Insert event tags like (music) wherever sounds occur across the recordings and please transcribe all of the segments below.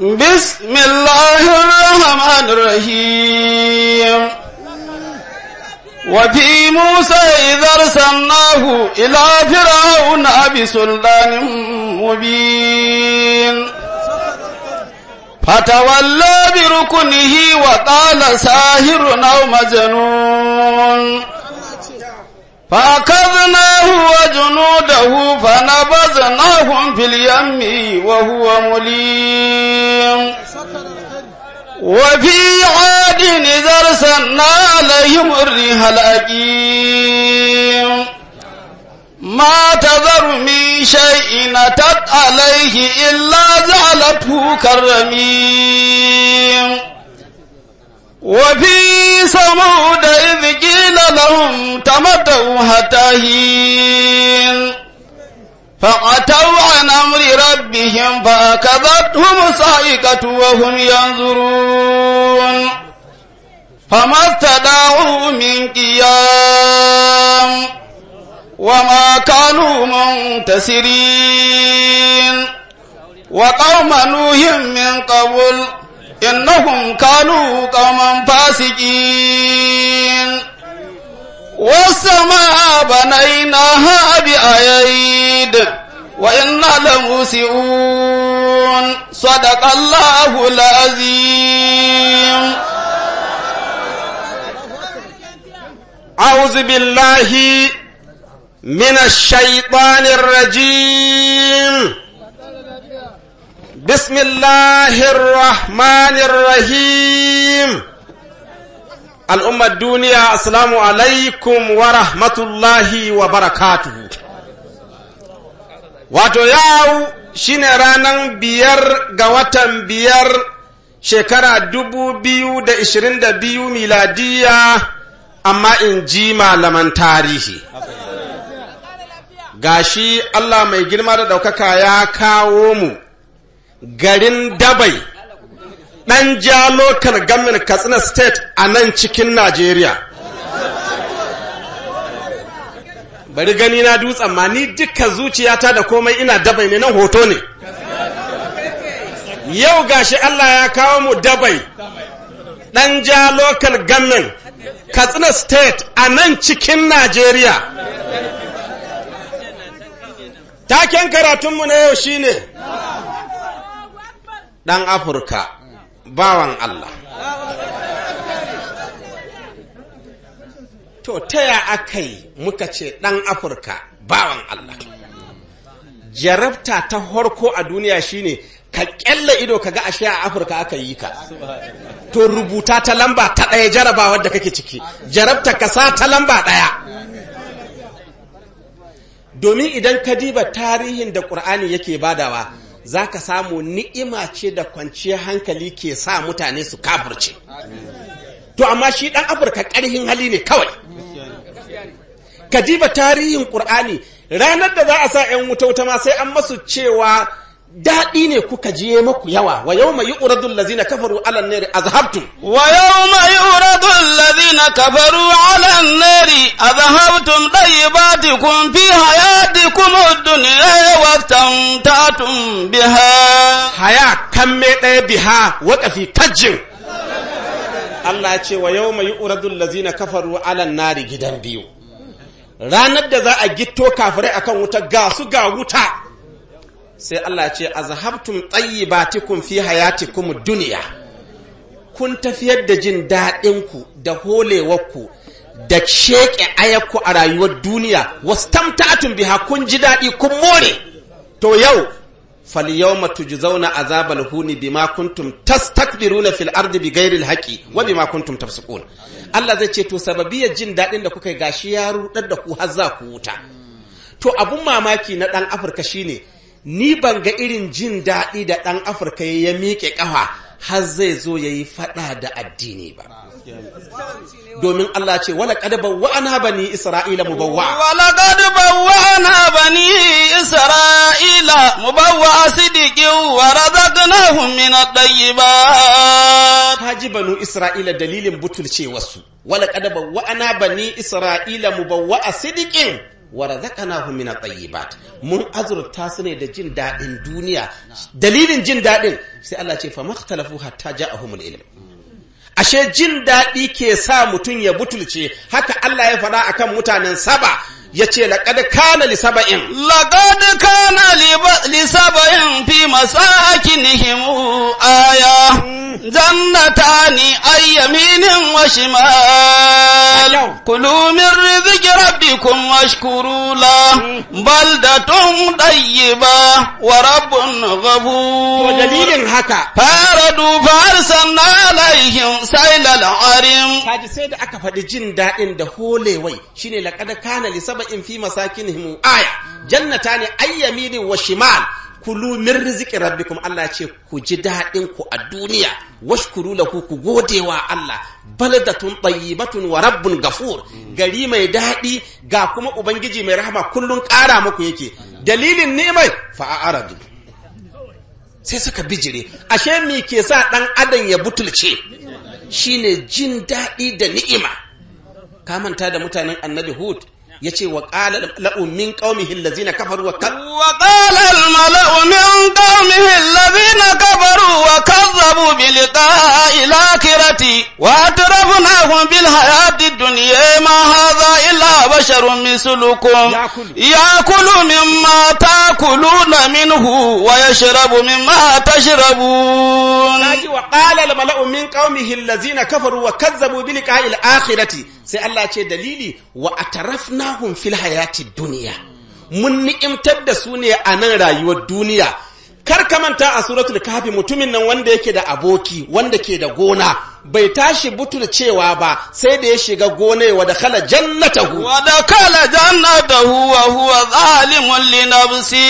بسم الله الرحمن الرحيم وفي موسى إذا أرسلناه إلى فرعون بسلطان مبين فتولى بركنه وقال ساهر أو مجنون فأخذناه وجنوده فنبذناهم في اليم وهو مليم وفي عاد إذا رسلنا عليهم الريح الأقيم ما تذر من شيء أتت عليه إلا جعلته كالرميم وفي صمود إذ قيل لهم تمتوا حتى حين فأتوا عن أمر ربهم فأخذتهم الصاعقة وهم ينظرون فما استدعوا من قيام وما كانوا منتصرين وقوم نوح من قبل إنهم كانوا قوما فاسقين والسماء بنيناها بأيد وإنا لموسعون صدق الله العظيم أعوذ بالله من الشيطان الرجيم بسم الله الرحمن الرحيم الأمة الدنيا السلام wa ورحمة الله وبركاته wato yau shine ranar biyar ga watan biyar shekara dubu biyu da ishirin da biyu miladiya amma in ji malaman tarihi gashi Allah mai girma da ɗaukaka ya kawo mu garin dabai ɗan ja lokal gamin katsina state a nan cikin najeriya bari gani na dutsen ma ni duka zuciyata da komai ina dabai ne nan hoto ne yau gashi allah ya kawo mu dabai ɗan ja lokal gamin katsina state a nan cikin najeriya taken karatunmu na yau shine ne ɗan afirka bawan allah to ta ya muka ce ɗan afirka bawan allah jarabta ta horko a duniya shine ka ƙyalla ido ka ga ashe a afirka aka yi ka to rubuta ta lamba ta ɗaya jarabawar da kake ciki jarabta ka sa ta lamba ɗaya domin idan ka diba tarihin da ƙur'ani yake badawa za ka samu ni'ima ce da kwanciyar hankali ke sa mutane su kafirce to amma shi ɗan afirka ƙarhin hali ne kawai kadiba tarihin ƙur'ani ranar da za a sa 'yan wuta wuta ma sai an masu cewa daɗi ne kuka je maku yawa wa yau mai yu'uradun lazina kafaru alan nari azhabtum wa yau mai yu'uradun lazina kafaru alan nari ti kun fi kuma duniya ya wata tatun biha haya kan me ɗaya biha waƙafi tajin Allah ya ce wa yau mai yu'uradun lazina kafaru alan nari gidan biyu ranar da za a gitto kafirai akan wuta ga su ga wuta sai Allah ce azhabtum tayyibatikum fi hayatikum duniya kun tafiyar da jin daɗin ku da holewarku da sheƙe ayakku a rayuwar duniya wastamta'tum biha kun ji daɗi kun more to yau zauna tujzauna azabal huni bima kuntum tastakbiruna fil ardi bighairi wa bima kuntum tafsukun Allah zai ce to sababiyar jin daɗin da kuka gashi ya rudar da ku har za ku wuta to abun mamaki na ɗan Afirka shine ni ban ga irin jin daɗi da ɗan afirka ya miƙe ƙafa har zai zo ya yi faɗa da addini ba domin Allah ce wala qad ba bani isra'ila mubawwa wala qad bawwa'na bani isra'ila mubawwa sidiqin wa razaqnahum min at-tayyibat haji banu isra'ila dalilin butulce wasu wala qad ba bani isra'ila mubawwa sidiqin wa razaqnahum min at-tayyibat mun azurta su ne da jin daɗin duniya dalilin jin daɗin sai Allah ce fa makhtalafu hatta ja'ahumul ilm ashe jin daɗi ke sa mutum ya butulce haka Allah ya fada akan mutanen saba yace laqad kana li saba'in laqad kana li saba'in fi masakinihim aya جنتان عن يمين وشمال كلوا tun رزق ربكم واشكروا له بلدة طيبة ورب غفور ودليل هكا فاردوا فارسلنا عليهم سيل العرم kaji sai da aka faɗi jin daɗin da holewai shine laqad kana li sab'in fi masakinihim aya jannatani ayyamirin wa shimal kulu min rabbi rabbikum Allah ce ku ji daɗin ku a duniya washkuru lahu ku gode wa Allah baladatun tayyibatun wa rabbun gafur gari mai daɗi ga kuma ubangiji mai rahama kullun ƙara muku yake dalilin ni'imai fa sai suka bijire ashe me ke sa ɗan adam ya butulce shine jin daɗi da ni'ima ka manta da mutanen annabi hud Ya ce wa qala al-mala'u lazi na allazina kafaru wa qala al-mala'u min qaumihi allazina kafaru wa kazzabu bi liqa'i ila kirati. wa atrafnahum bil hayati ad-dunya ma hadha illa basharun mislukum ya'kulu mimma min hu wa yashrabu mimma tashrabun wa qala al-mala'u min lazi na kafaru wa kazzabu bi liqa'i ila akhirati sai Allah ce dalili wa atarafnahum fil hayati duniya mun ni'imtar da su ne a nan rayuwar duniya kar ka manta a suratul kafi mutumin nan wanda yake da aboki wanda ke da gona bai tashi butul cewa ba sai da ya shiga gona wa da kala jannatahu wa da kala jannatahu wa huwa zalimun li nafsi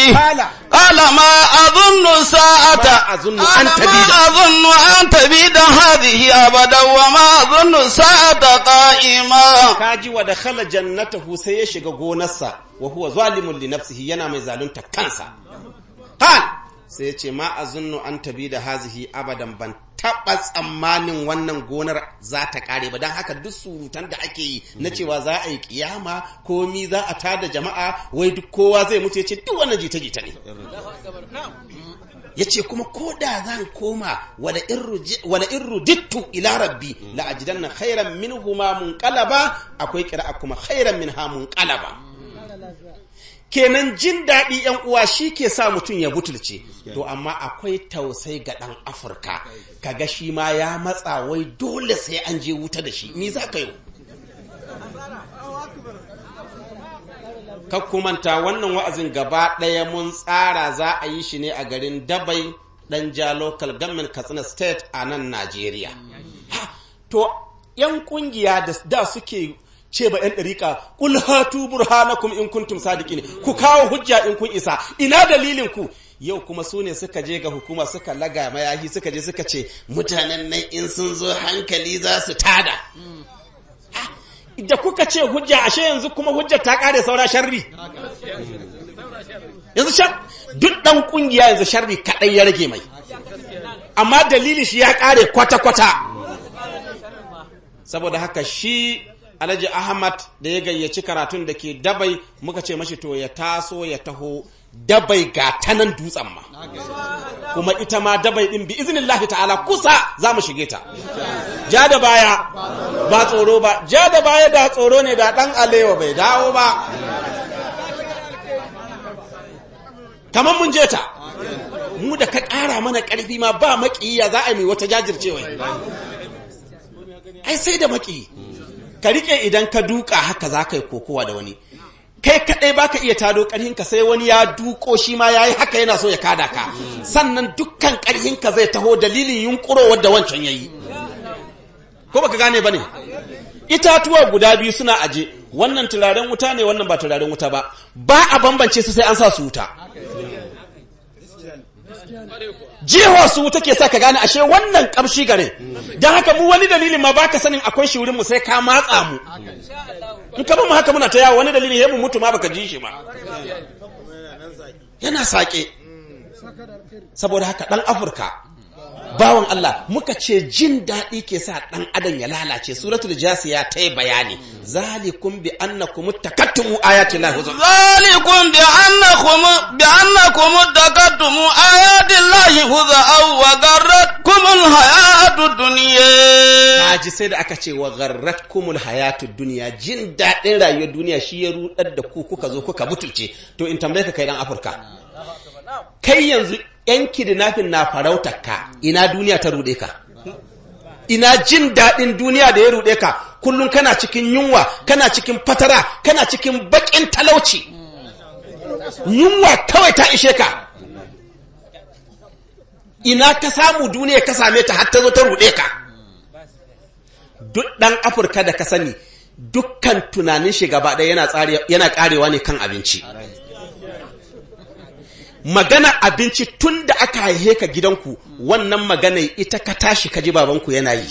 qala ma azunnu sa'ata azunnu an tabida azunnu an tabida hadhihi abada wa ma azunnu sa'ata qa'ima kaji wa da kala jannatahu sai ya shiga gonarsa wa huwa zalimun li nafsihi yana mai zalunta kansa qala sai ya ce ma a zunnu an tabi da hazihi abadan ban taɓa tsammanin wannan gonar za ta ƙare ba don haka duk surutan da ake yi na cewa za a yi kiyama komi za a tada jama'a wai duk kowa zai mutu ya ce duk wannan jita-jita ne ya ce kuma ko da zan koma wala irru dittu ila rabbi la ajidanna khairan mun kalaba, akwai kira kuma khairan mun kalaba. kenan jin daɗi yan uwa shi ke sa mutum ya butulce to amma akwai tausai ga ɗan afirka ga shi ma ya matsa wai dole sai an je wuta da shi ni za ka yi kakkumanta wannan wa'azin gaba ɗaya mun tsara za a yi shi ne a garin dabai ɗan ja local government katsina state a nan najeriya to yan kungiya da suke ce ba 'yan ɗariƙa ƙul hatu burhanakum in kuntum sadiqin ku kawo hujja in kun isa ina dalilin ku yau kuma su ne suka je ga hukuma suka laga mayahi suka je suka ce mutanen nan in sun zo hankali za su tada da kuka ce hujja ashe yanzu kuma hujjar ta kare saura sharri yanzu duk ɗan ƙungiya yanzu sharri kaɗai ya rage mai amma dalilin shi ya kare kwata-kwata saboda haka shi alhaji ahmad da ya gayyaci karatun da ke dabai muka ce mashi to ya taso ya taho dabai ga ta nan dutsen ma kuma ita ma dabai ɗin bi iznillahi ta'ala kusa za mu shige ta ja da baya ba tsoro ba ja da baya da tsoro ne da ɗan alewa bai dawo ba kamar mun je ta mu da ka ƙara mana ƙarfi ma ba maƙiya za a yi wata jajircewa ai sai da maƙiyi. ka rike idan ka duka haka za ka yi kokowa da wani kai kaɗai ba ka iya tado ƙarhinka sai wani ya duko shi ma ya yi haka yana so ya kada ka sannan dukkan ƙarhinka zai taho dalilin yunƙuro wadda wancan ya yi ko baka gane ba ne itatuwa guda biyu suna aje wannan turaren wuta ne wannan ba turaren wuta ba ba a bambance su sai an sa su wuta jihar su wuta sa ka gane ashe wannan kamshi gare don haka mu wani dalilin ma baka sanin akwai shi wurin sai ka matsa mu in ka mu haka muna ta yawo wani dalilin ya mu mutu ma baka ji shi ba yana sake saboda haka dan afirka bawan Allah muka ce jin daɗi ke sa ɗan adam ya lalace suratul ya ta yi bayani zalikum bi annakum takattumu ayati llahi zalikum bi annakum bi annakum takattumu ayati llahi aw wa garratkum hayatu dunya ji sai da aka ce wa garratkum hayatu dunya jin daɗin rayuwar duniya shi ya rudar da ku kuka zo kuka butulce to in tambaye ka kai dan Afirka kai yanzu 'yan kidnapping na farautar ka ina duniya ta ruɗe ka ina jin daɗin duniya da ya ruɗe ka kullum kana cikin yunwa kana cikin fatara kana cikin baƙin talauci yunwa kawai ta ishe ka ina ka samu duniya ka same ta har ta zo ta ruɗe ka duk ɗan afirka da ka sani dukkan tunanin shi gaba ɗaya yana ƙarewa ne kan abinci magana abinci tun da aka haihe ka gidanku wannan magana ita ka tashi ka ji babanku yana yi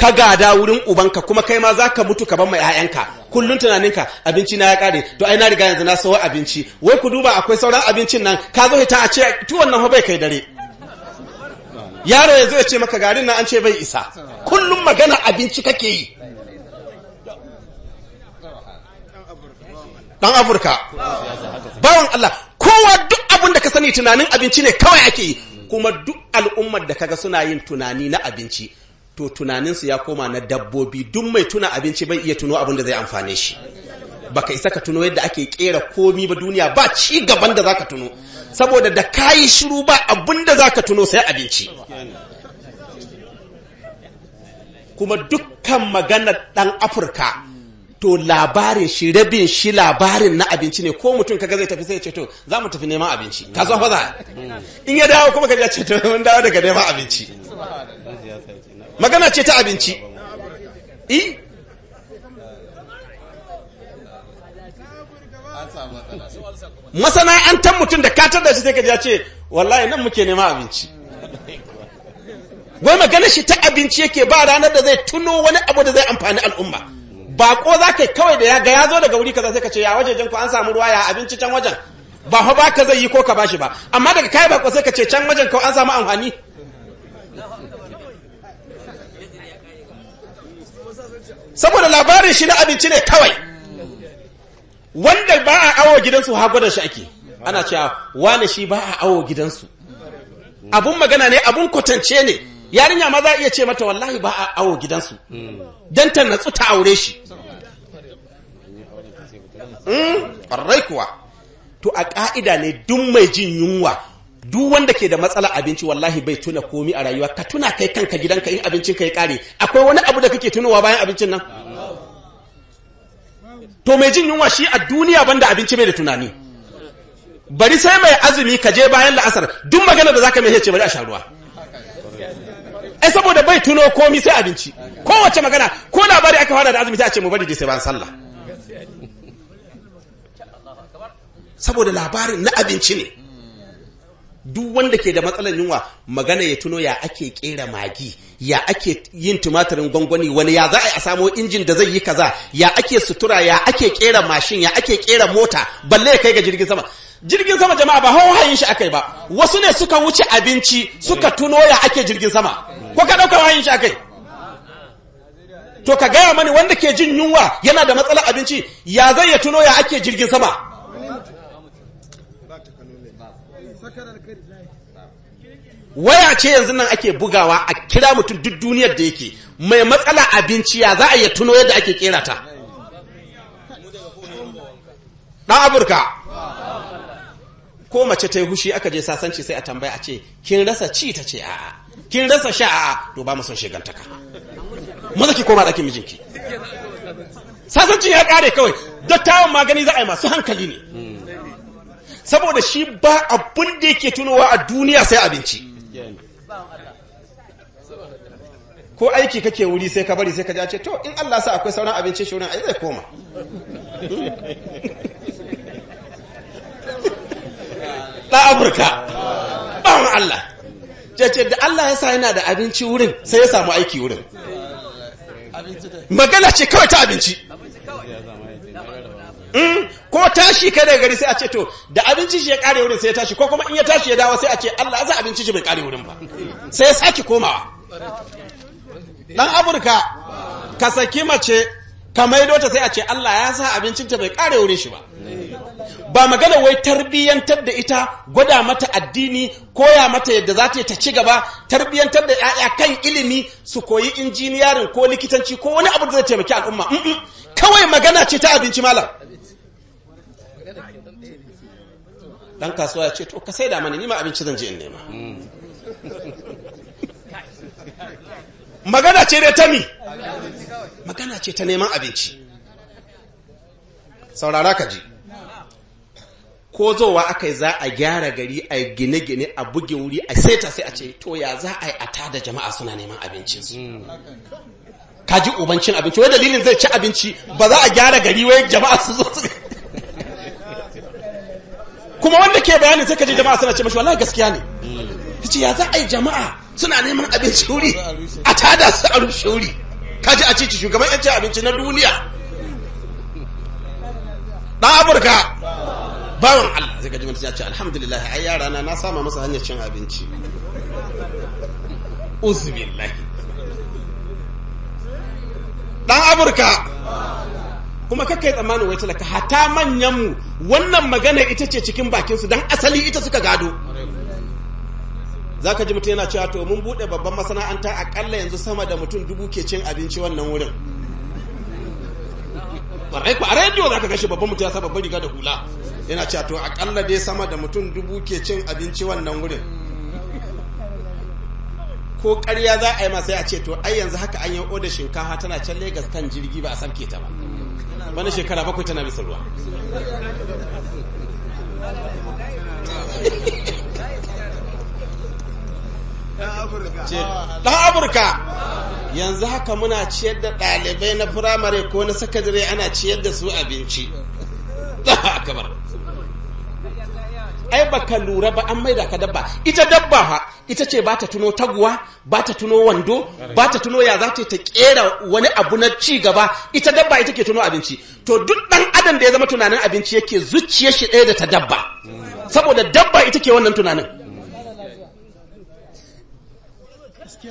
ka gada wurin ubanka kuma kai ma za ka mutu ka ban mai ƴaƴanka kullun tunaninka abinci na ya kare to ai na riga yanzu na sawo abinci wai ku duba akwai sauran abincin nan ka zo ta a ce tuwon nan bai kai dare yaro ya zo ya ce maka garin na an ce bai isa kullum magana abinci kake yi dan afirka bawan Allah kowa duk abin da ka sani tunanin abinci ne kawai ake yi kuma duk al'ummar da kaga suna yin tunani na abinci to tunaninsu ya koma na dabbobi duk mai tuna abinci bai iya tuno abin da zai amfane shi baka isa ka tuno yadda ake kera komi ba duniya ba ci gaban da zaka tuno saboda da kayi shiru ba abin da zaka tuno sai abinci kuma dukkan maganar dan afirka to labarin shi rabin shi labarin na abinci ne ko mutum kaga zai tafi sai ce to za mu tafi neman abinci ka zo faza in ya dawo kuma kaga ce to mun dawo daga neman abinci magana ce ta abinci i masana'antar mutum da katar da shi sai kaji ya ce wallahi nan muke neman abinci wai magana shi ta abinci yake ba ranar da zai tuno wani abu da zai amfani al'umma bako za ka kawai da ya ga ya zo daga wuri kaza sai ka ce ya jan ku an samu ruwa ya abinci can wajen ba ba baka zai yi ko ka bashi ba amma daga kai bako sai ka ce can wajen ka an samu amfani saboda labarin shi na abinci ne kawai wanda ba a awo gidansu ha gwada shi ake ana cewa wani shi ba a awo gidansu abun magana ne abun kwatance ne yarinya ma za a iya ce mata wallahi ba a awo gidansu don ta natsu ta aure shi ƙwarai hmm? kuwa to a ƙa'ida ne duk mai jin yunwa duk wanda ke da matsala abinci wallahi bai tuna komi a rayuwa ka tuna kai kanka gidanka in abincin ka ya kare akwai wani abu da kake tunowa bayan abincin nan to mai jin yunwa shi a duniya banda abinci bai da tunani bari sai mai azumi ka je bayan la'asar duk magana da zaka mai ce bari a sha ruwa ai eh, saboda bai tuno komi sai abinci kowace magana ko labari aka fara da azumi sai a ce mu bari sai ban sallah saboda labarin na abinci ne duk wanda ke da matsalar yunwa magana ya tuno ya ake kera magi ya ake yin tumatirin gwangwani wani ya za a samo injin da zai yi kaza ya ake sutura ya ake kera mashin ya ake kera mota balle ya kai ga jirgin sama jirgin sama jama'a ba hawayen shi akai ba wasu ne suka wuce abinci suka tuno ya ake jirgin sama ko ka dauka hawayen shi akai to ka gaya mani wanda ke jin yunwa yana da matsalar abinci ya zai ya tuno ya ake jirgin sama waya ce yanzu nan ake bugawa a kira mutum duk duniyar da yake mai matsala abinci ya za a yi tuno yadda ake kera ta ɗan afirka ko mace ta yi hushi aka je sasanci sai a tambaya a ce kin rasa ci ta ce a'a kin rasa sha a'a to ba mu son shigantaka maza ki koma ɗakin mijinki sasanci ya kare kawai dattawan magani za a yi masu hankali ne saboda shi ba abun da yake tunowa a duniya sai abinci ko aiki kake wuri sai ka bari sai ka ce to in Allah sa akwai sauran abinci shi wurin ai zai koma ɗan afirka ɗan allah ce da allah ya sa yana da abinci wurin sai ya samu aiki wurin magana ce kawai ta abinci hmm? ko tashi kada daga gari sai a ce to da abinci shi ya kare wurin sai ya tashi ko kuma in ya tashi ya dawo sai a ce Allah za abinci shi bai kare wurin ba sai ya saki komawa Ɗan Afirka ka saki mace ka maido ta sai a ce Allah ya sa abincin ta bai kare wurin shi ba ba magana wai tarbiyyantar da ita gwada mata addini koya mata yadda za ta ci gaba tarbiyyantar da 'ya'ya kan ilimi su koyi injiniyarin ko likitanci ko wani abu da zai taimaki al'umma kawai magana ce ta abinci malam dan kasuwa ya ce to ka sai da mani nima abinci zan je in nema magana ce da ta mi magana ce ta neman abinci saurara ka ji ko zowa aka yi za a gyara gari a gine-gine a buge wuri a saita sai a ce to ya za a yi a tada jama'a suna neman abincin su ka ji ubancin abinci wai dalilin zai ci abinci ba za a gyara gari wai jama'a su zo su (laughs) kuma wanda ke bayanin sai ka ji jama'a suna ce mashi wallahi gaskiya ne ce ya za a yi jama'a suna neman abinci wuri a tada su a rushe wuri ka ji a ce shugaban yancin abinci na duniya ɗan afirka bawan Allah zai gaji ji ya ce alhamdulillah ai yara na na sama masa hanyar cin abinci uzbillah dan Aburka. kuma kakai tsammanin wai talaka hata manyan mu wannan magana ita ce cikin bakin su dan asali ita suka gado za ka ji mutum yana cewa to mun buɗe babban masana'anta akalla yanzu sama da mutum dubu ke cin abinci wannan wurin kwarai ku a rediyo za ka gashi babban mutum ya sa babban riga da hula yana cewa to akalla dai sama da mutum dubu ke cin abinci wannan wurin ko karya za a yi masa ya ce to ai yanzu haka an yi oda shinkafa tana can Legas kan jirgi ba a samke ta ba bana shekara bakwai tana bisa ruwa ɗan afirka yanzu haka muna ciyar da ɗalibai na firamare ko na sakadare ana ciyar da su abinci (laughs) ai baka lura ba an maida ka dabba ita dabba ha ita ce ba ta tuno taguwa ba ta tuno wando ba ta tuno ya za ta ta kera wani abu na ci gaba ita dabba ita ke tuno abinci to duk dan adam da ya zama tunanin abinci yake zuciyar shi ɗaya da ta dabba saboda dabba ita ke wannan tunanin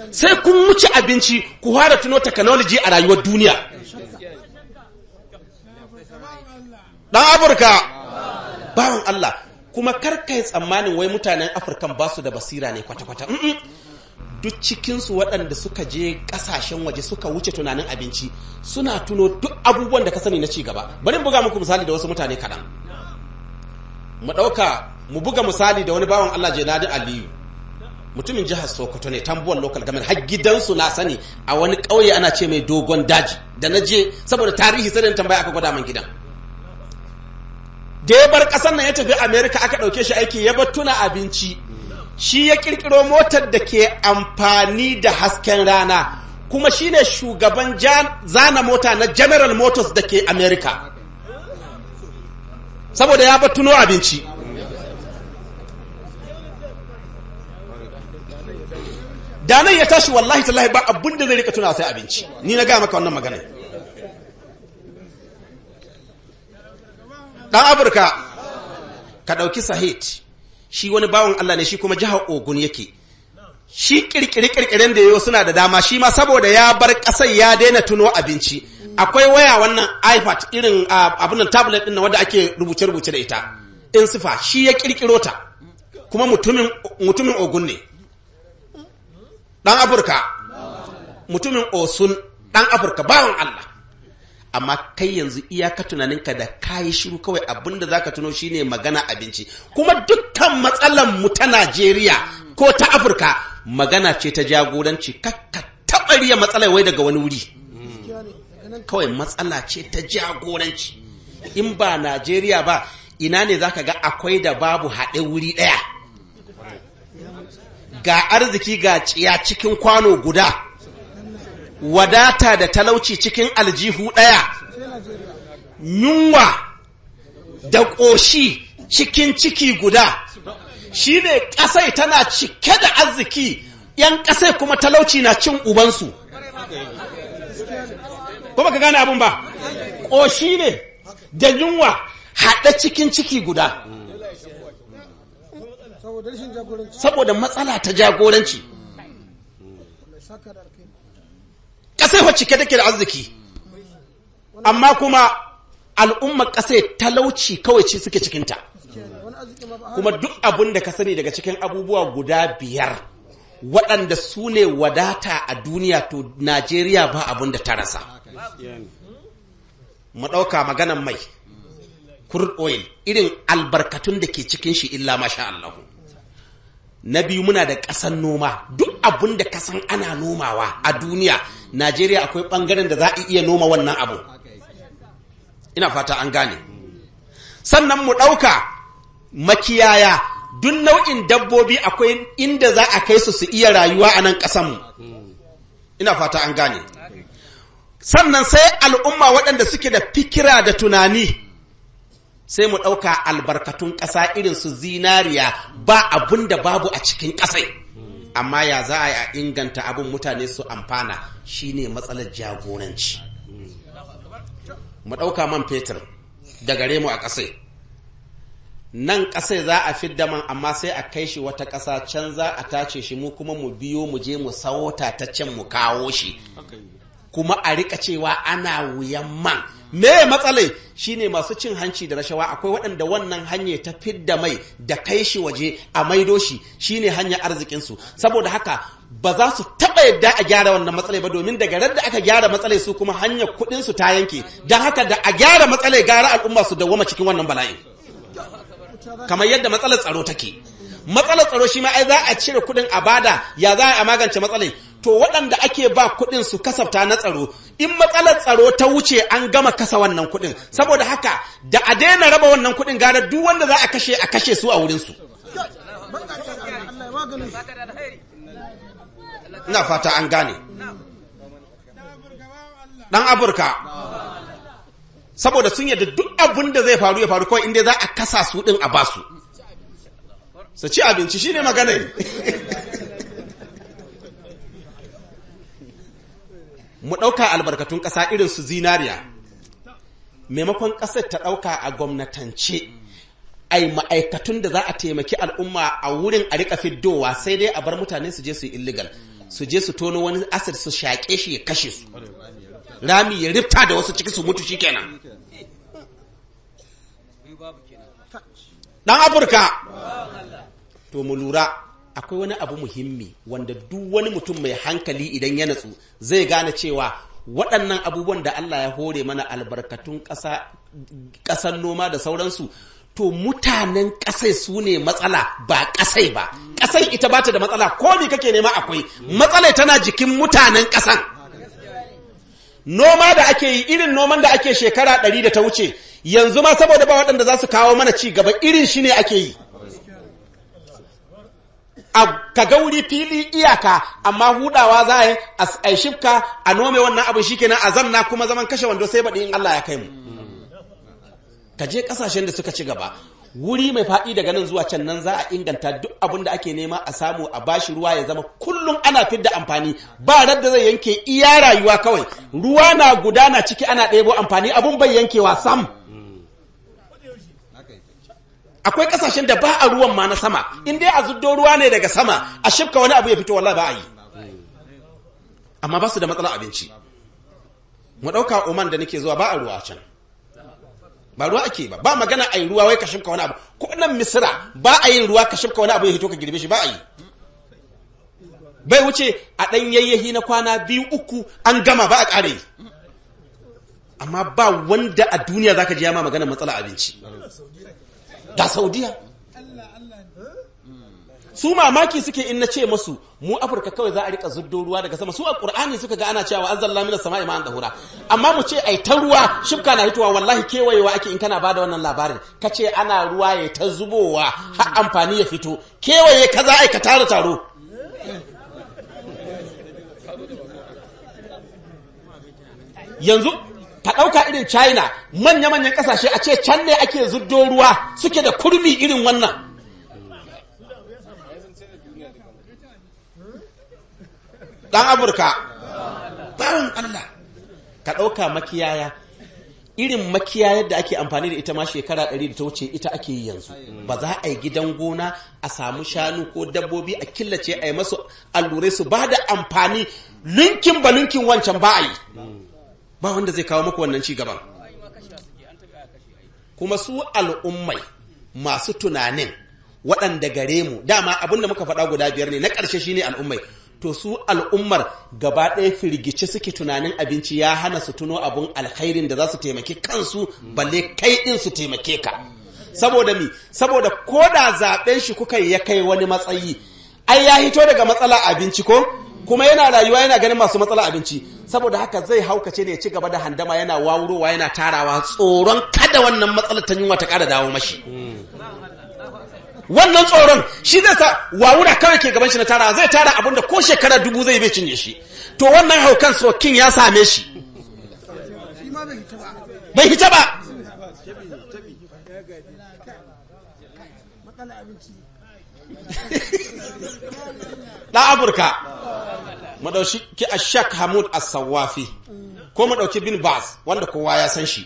sai kun wuce abinci ku fara tuno technology a rayuwar duniya dan afirka bawan allah kuma yi tsammanin wai mutanen afirkan ba su da basira ne kwata-kwata duk cikinsu waɗanda suka je ƙasashen waje suka wuce tunanin abinci suna tuno duk abubuwan da ka sani na cigaba bari buga muku misali da wasu mutane kaɗan mu ɗauka mu buga misali da wani bawan allah jenadi aliyu mutumin jihar sokoto ne tambuwan local government har gidansu na sani a wani ƙauye ana ce mai dogon daji da na je saboda tarihi sai tambaya aka gwada man gidan da ya bar ƙasar nan ya tafi Amerika aka ɗauke shi aiki ya bar tuna abinci shi ya ƙirƙiro motar da ke amfani da hasken rana kuma shine shugaban zana mota na general motors da ke america saboda ya bar tuno abinci da nan ya tashi wallahi tallahi ba abin da zai rika tuna sai abinci ni na gaya maka wannan magana dan afirka ka ɗauki sahit shi wani bawan allah ne shi kuma jihar ogun yake shi kirkire kirkiren da yayo suna da dama shi ma saboda ya bar kasar ya daina tuno abinci akwai waya wannan ipad irin abin tablet ɗin wanda ake rubuce-rubuce da ita in sifa shi ya kirkiro ta kuma mutumin ogun ne ɗan afirka mutumin osun ɗan afirka bawan allah amma kai yanzu iyaka tunaninka da kayi shiru kawai abinda za ka tuno shine magana abinci kuma dukkan matsalan mu ta najeriya ko ta afirka magana ce ta jagoranci kakka taɓa riya matsalar wai daga wani wuri kawai matsala ce ta jagoranci in ba najeriya ba ina ne za ka ga akwai da babu haɗe wuri ɗaya ga arziki ga ciya cikin kwano guda wadata da talauci cikin aljihu ɗaya yunwa da ƙoshi cikin ciki guda shi ne ƙasai tana cike da arziki ‘yan ƙasai kuma talauci na cin ubansu kuma ka gane abin ba ƙoshi ne da yunwa haɗe cikin ciki guda saboda matsala ta jagoranci ƙasai wacce ke take da arziki amma kuma al'ummar ƙasai talauci kawai ce suke cikinta kuma duk abin da ka sani daga cikin abubuwa guda biyar waɗanda su ne wadata a duniya to najeriya ba abin da ta rasa mu ɗauka maganan mai crude oil irin albarkatun da ke cikin shi illa masha Allahu na biyu muna da ƙasan noma duk abun da kasan ana nomawa a duniya najeriya akwai ɓangaren da za a iya noma wannan abu ina fata an gane sannan mu ɗauka makiyaya duk nau'in dabbobi akwai inda za a kai su su iya rayuwa a nan ƙasanmu ina fata an gane sannan sai al'umma waɗanda suke da fikira da tunani sai mu ɗauka albarkatun ƙasa irin su zinariya ba abun da babu a cikin ƙasai amma ya za a inganta abin mutane su amfana shine matsalar jagoranci mu ɗauka man fetur da gare mu a ƙasai nan ƙasai za a fidda man amma sai a kai shi wata ƙasa can za a tace shi mu kuma mu biyo mu je mu sauta ta can mu kawo shi kuma a rika cewa ana wuyan man me matsalai shine masu cin hanci da rashawa akwai waɗanda wannan hanya ta fidda mai da kai shi waje a maido shi shine hanyar arzikinsu saboda haka ba za su taɓa yadda a gyara wannan matsalai ba domin daga da aka gyara matsalai su kuma hanyar kuɗinsu ta yanke don haka da a gyara matsalai gara al'umma su dawwama cikin wannan balai kamar yadda matsalar tsaro take matsalar tsaro shi ma ai za a cire kuɗin a bada ya za a magance matsalar to waɗanda ake ba kuɗin su kasafta na tsaro in matsalar tsaro ta wuce an gama kasa wannan kuɗin saboda haka da a daina raba wannan kuɗin gara duk wanda za a kashe a kashe su a wurinsu ina fata an gane ɗan afirka saboda sun yadda duk abin da zai faru ya faru kawai inda za a kasa su ɗin a basu su ci abinci shine magana (laughs) mu ɗauka albarkatun ƙasa irin su zinariya maimakon ƙasar ta ɗauka a gwamnatance ai ma'aikatun da za a taimaki al'umma a wurin a riƙa fiddowa sai dai a bar mutane su je su yi illegal su je su tono wani asir su shaƙe shi ya kashe su rami ya rifta da wasu ciki su mutu shi kenan dan afirka to mu lura akwai wani abu muhimmi wanda duk wani mutum mai hankali idan ya natsu zai gane cewa waɗannan abubuwan da Allah ya hore mana albarkatun ƙasan noma da sauransu to mutanen ƙasai su ne matsala ba ƙasai ba ƙasai ita ba ta da matsala ko ne kake nema akwai matsalai tana jikin mutanen ƙasan noma da ake yi irin noman da ake shekara ɗari da ta wuce yanzu ma saboda ba waɗanda za su kawo mana ci gaba irin shi ne ake yi ka ga wuri fili iyaka amma hudawa za a yi shifka a nome wannan abin kenan a zanna kuma zaman kashe wando sai baɗi in Allah ya kai mu ka je kasashen da suka ci gaba wuri mai faɗi daga nan zuwa can nan za a inganta duk abin da ake nema a samu a bashi ruwa ya zama kullum ana fidda amfani ba da zai yanke iya rayuwa kawai ruwa na gudana ciki ana ɗebo amfani abun bai yankewa sam akwai kasashen da ba a ruwan ma na sama in dai a zuddo ruwa ne daga sama a shifka wani abu ya fito wallahi ba a yi amma ba su da matsala abinci mu ɗauka oman da nake zuwa ba a ruwa can ba ruwa ake ba ba magana a yi ruwa wai ka shifka wani abu ko nan misira ba a yin ruwa ka shifka wani abu ya fito ka girbe shi ba a yi bai wuce a ɗan yayyahi na kwana biyu uku an gama ba a kare amma ba wanda a duniya zaka ji ya ma magana matsala abinci da saudiya su mamaki suke in na ce masu mu afirka kawai za a rika zuddo ruwa daga sama su a ƙur'ani suka ga ana cewa an zalla mila sama'i ma'an dahura amma mu ce ai ta ruwa shibka na hitowa wallahi kewayewa ake in kana bada wannan labarin ka ce ana ruwa ya ta zubowa har amfani ya fito kewaye ka za yi ka tara taro yanzu ka ɗauka irin china manya-manyan ƙasashe a ce can ne ake zuddo ruwa suke da kurmi irin wannan ɗan amurka ɗan allah ka ɗauka makiyaya irin makiyayar da ake amfani da ita ma shekara ɗari da ta wuce ita ake yi yanzu ba za a yi gidan gona a samu shanu ko dabbobi a killace a yi masu allurai su ba da amfani linkin ba linkin wancan ba a yi ba wanda zai kawo muku wannan ci gaba. kuma su al'ummai masu tunanin waɗanda gare mu dama abin da muka faɗa guda biyar ne na ƙarshe shine al'ummai to su al'ummar gaba ɗaya firgici suke tunanin abinci ya hana su tuno abun alkhairin da za su taimaki kansu balle kai ɗin su taimake ka saboda mi saboda ko da zaɓen shi kuka ya kai wani matsayi ai ya hito daga matsala abinci ko kuma yana rayuwa yana ganin masu matsala abinci saboda haka zai haukace ne ci gaba da handama yana wawurowa yana tarawa tsoron kada wannan matsalar ta yunwa ta ƙara dawo mashi wannan tsoron shi zai sa wawura kawai ke gaban shi na tarawa. zai tara abin da ko shekara dubu zai bai cinye shi to wannan haukan sokin ya same shi bai hita ba ɗan afirka mu ɗauki ashak hamud asawafi ko mu ɗauki bin bas wanda kowa ya san shi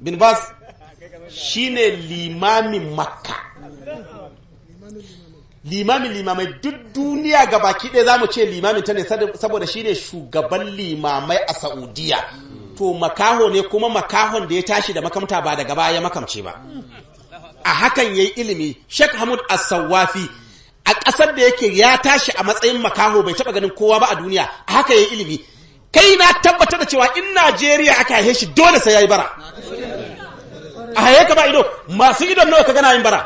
bin bas shi ne limamin makka limamin limamai duk duniya ga baki ɗaya za mu ce limamin ta ne saboda shi ne shugaban limamai a saudiya to makaho ne kuma makahon da ya tashi da makamta ba daga baya makamce ba a hakan yayi ilimi Sheikh Hamud As-Sawafi a ƙasar da yake ya tashi a matsayin makaho bai taɓa ganin kowa ba a duniya a haka yayi ilimi kai na tabbatar da cewa in Najeriya aka haihe shi dole sai yayi bara a haihe ka ba ido masu idon nawa ka gana yin bara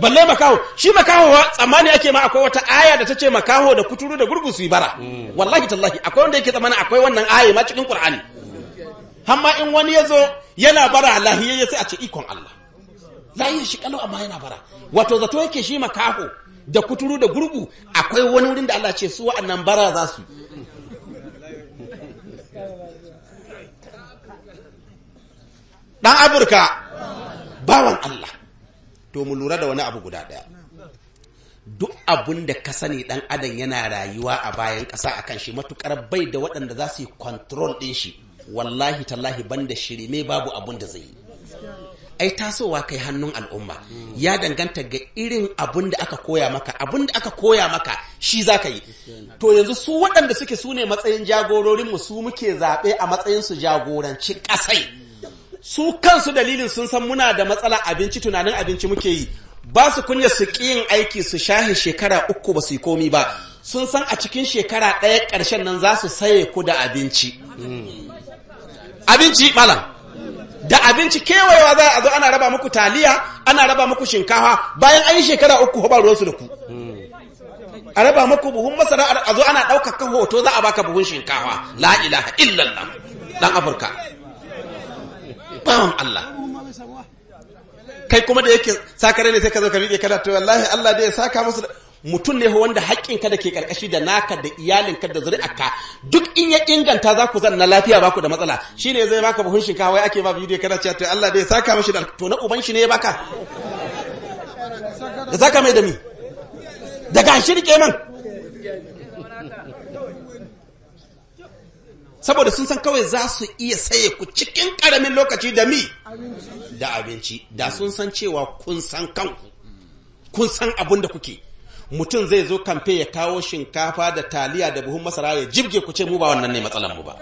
balle makaho shi makaho wa tsammani ake ma akwai wata aya da ta ce makaho da kuturu da gurgusu yi bara mm. wallahi tallahi akwai wanda yake tsammani akwai wannan aya ma cikin qur'ani amma in wani ya zo yana bara lahiyayya sai a ce ikon Allah lahiyar shi kalau amma yana bara wato zato yake shi makaho da kuturu da gurgu akwai wani wurin da Allah ce su wa'annan bara za su dan aburka bawan Allah to mu lura da wani abu guda daya duk abun da ka sani dan adam yana rayuwa a bayan ƙasa akan shi matukar bai da waɗanda za su yi control din shi wallahi tallahi banda me babu abun da zai yi ai tasowa kai hannun al'umma ya danganta ga irin abun da aka koya maka abun da aka koya maka shi za ka yi to yanzu su waɗanda suke su ne matsayin jagororinmu su muke zaɓe a matsayin su jagoranci ƙasai su kansu dalilin sun san muna da matsala abinci tunanin abinci muke yi ba su kunya su yin aiki su shahin shekara uku ba su yi komi ba sun san a cikin shekara ɗaya ƙarshen nan za su saye ku da abinci abinci malam da abinci kewayewa za a zo ana raba muku taliya ana raba muku shinkawa bayan an yi shekara uku ba ruwansu da ku a raba muku buhun masara a zo ana ɗaukaka hoto za a baka buhun shinkawa la ilaha illallah dan afirka bawan allah kai kuma da yake sakare ne sai ka zo ka miƙe kana to wallahi allah da ya saka musu mutum ne wanda haƙƙinka da ke ƙarƙashi da naka da iyalinka da zuri'arka duk in ya inganta za ku zanna lafiya ba ku da matsala Shi ne zai baka buhun shinkawa ya ake ba bidiyo kana cewa to Allah dai saka mashi da to na uban shi ne ya baka da saka mai da mi daga shirke man saboda sun san kawai za su iya saye ku cikin ƙaramin lokaci da mi da abinci da sun san cewa kun san kanku kun san abin da kuke mutum zai zo kamfe ya kawo shinkafa da taliya da buhun masara ya jibge ku ce mu ba wannan ne matsalan mu ba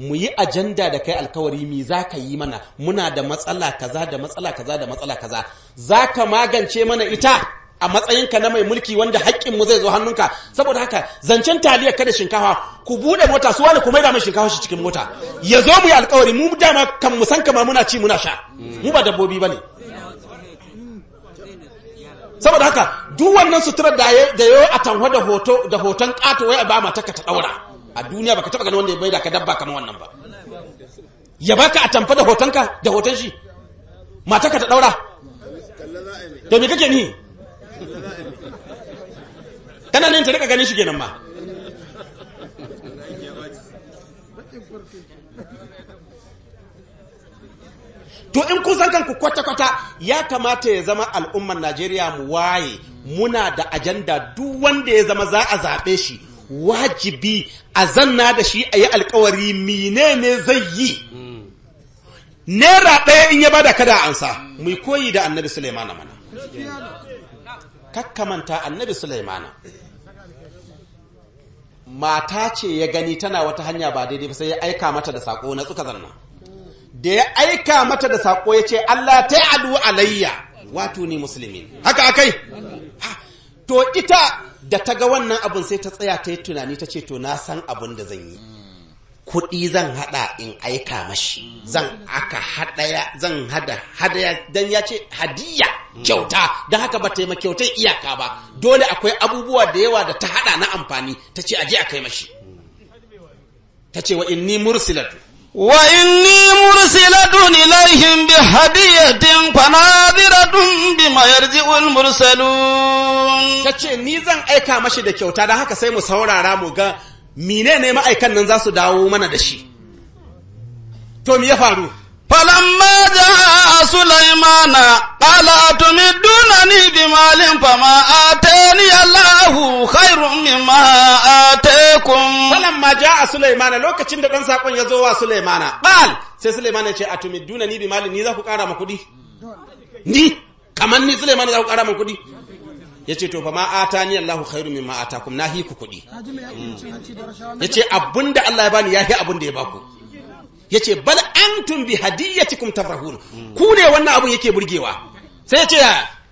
mu yi ajanda da kai alkawari mi za ka yi mana muna da matsala kaza da matsala kaza da matsala kaza za ka magance mana ita a matsayinka na mai mulki wanda mu zai zo hannunka saboda haka zancen taliya kada shinkafa ku bude mota su wani kuma da mai shinkafa shi cikin mota ya zo mu yi alkawari mu dama kan mu san kamar muna ci muna sha mu ba dabbobi ba ne saboda haka duk wannan sutura da ya da yayi atanwa da hoto da hoton kato wai a ba mata ka ta daura a duniya baka taba gani wanda ya bai da ka dabba kamar wannan ba ya baka tanfa da hoton ka da hoton shi mata ka ta daura da me kake ni tana ne ta rika ganin shi kenan ma to in kun san kanku kwata-kwata ya kamata ya zama al'ummar najeriya mu waye muna da ajanda duk wanda ya zama za a zaɓe shi wajibi a zanna da shi a yi alkawari menene zai yi naira ɗaya in ya ba da kada ansa mu koyi da annabi sulaimana mana kakkamanta annabi sulaimana mata ce ya gani tana wata hanya ba daidai ba sai ya aika mata da sako na tsuka zanna da ya aika mata da sako ya ce Allah ta yi adu alayya wato ni musulmi haka akai to ita da ta ga wannan abin sai ta tsaya ta yi tunani ta ce to na san abun da zan yi kuɗi zan haɗa in aika mashi zan aka haɗaya zan hada hadaya dan ya ce hadiya kyauta don haka ba ta yi kyautai iyaka ba dole akwai abubuwa da yawa da ta haɗa na amfani ta ce aje a kai mashi ta ce wa inni mursilatu وإني مرسلة إليهم بهدية فناظرة بما يرجع المرسلون kace ni zan aika mashi da kyauta da haka sai mu saurara mu ga menene ma'aikan nan za su dawo mana da shi to me ya faru فلما جاء سليمان قال أتمدونني بمال فما آتاني الله خير مما آتاكم فلما جاء سليمان لو كتشند دان ساقون يزوى سليمان قال سي سليمان يقول أتمدونني بمال ني زاكو قارا ما كودي ني كمان ني سليمان زاكو قارا ما كودي yace to fa ma atani Allahu khairu mimma atakum nahi ku kudi yace abunda Allah ya bani ya abunda ya baku yace bal antum bi hadiyatikum tafrahun ku ne wannan abun yake burgewa sai yace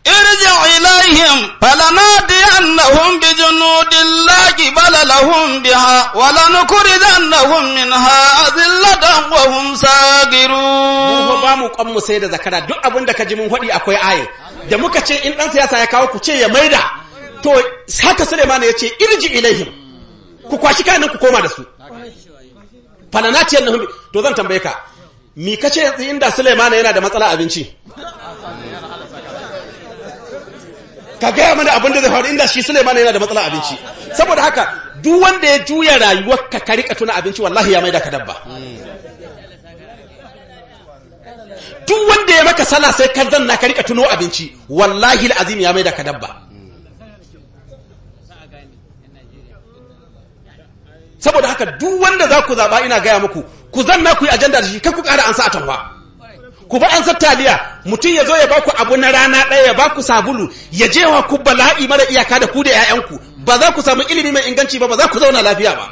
irja ilaihim falanadiyannahum bi junudillahi balalahum biha walanukridannahum minha azillatan wa hum sagirun mu ba mu kan mu sai da zakara duk abin da ka ji mun hadi akwai aye da muka ce in dan siyasa ya kawo ku ce ya maida to haka Suleiman ya ce irji ilaihim ku kwashi kanin ku koma da su falanatiyar na to zan tambaye ka mi ka ce yanzu inda sulaimana yana da matsala abinci ka gaya mana abin da zai faru inda shi sulaimana yana da matsala abinci saboda haka duk wanda ya juya rayuwar ka ka rika tuna abinci wallahi ya maida ka dabba duk wanda ya maka sala sai ka zanna ka rika tuno abinci wallahi alazim ya maida ka dabba saboda haka duk wanda za ku zaɓa ina gaya muku ku zanna ku yi ajanda da shi kai ku ƙara an sa a tanwa ku ba an sa taliya mutum ya zo ya baku abu na rana ɗaya ya baku sabulu ya je wa ku bala'i mara iyaka da ku da 'ya'yanku ba za ku samu ilimi mai inganci ba ba za ku zauna lafiya ba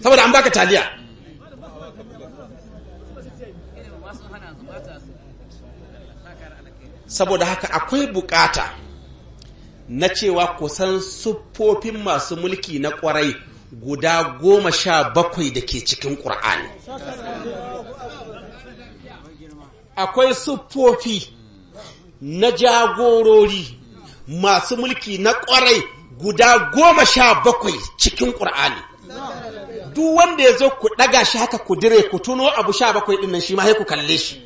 saboda an baka taliya saboda haka akwai bukata na cewa san siffofin masu mulki na kwarai guda goma sha bakwai da ke cikin ƙur'ani akwai siffofi na jagorori masu mulki na ƙwarai guda goma sha bakwai cikin ƙur'ani duk wanda ya zo ku ɗaga shi haka ku dire ku tuno abu sha bakwai ɗin nan shi ma ku kalle shi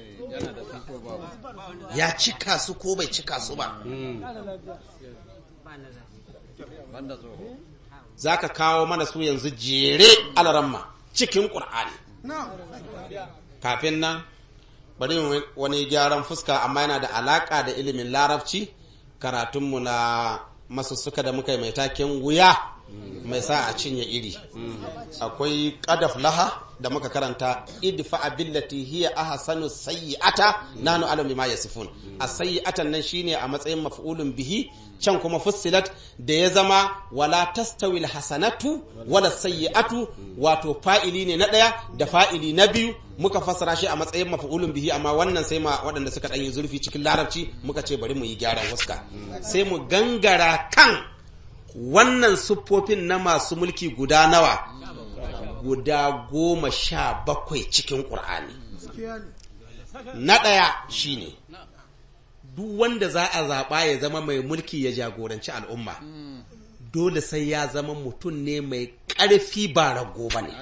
ya cika su ko bai cika su ba za ka kawo mana su yanzu jere alaramma cikin ƙur'ani kafin nan bari wani gyaran fuska amma yana da alaƙa da ilimin larabci karatunmu na masu suka da muka yi mai taken wuya mai sa a cinye iri akwai ƙadaf laha da muka karanta idfa billati hiya ahsanu sayyi'ata nanu alam ma yasifun as-sayyi'atan nan shine a matsayin maf'ulun bihi can kuma fussilat da ya zama wala tastawil hasanatu wala sayyi'atu wato fa'ili ne na daya da fa'ili na biyu muka fassara shi a matsayin maf'ulun bihi amma wannan sai ma waɗanda suka ɗan zurfi cikin larabci muka ce bari mu yi gyaran waska sai mu gangara kan wannan siffofin na masu mulki guda nawa guda goma sha bakwai cikin ƙur'ani na ɗaya shine duk wanda za a zaɓa ya zama mai mulki ya jagoranci al'umma dole sai ya zama mutum ne mai ƙarfi ba rago ba ne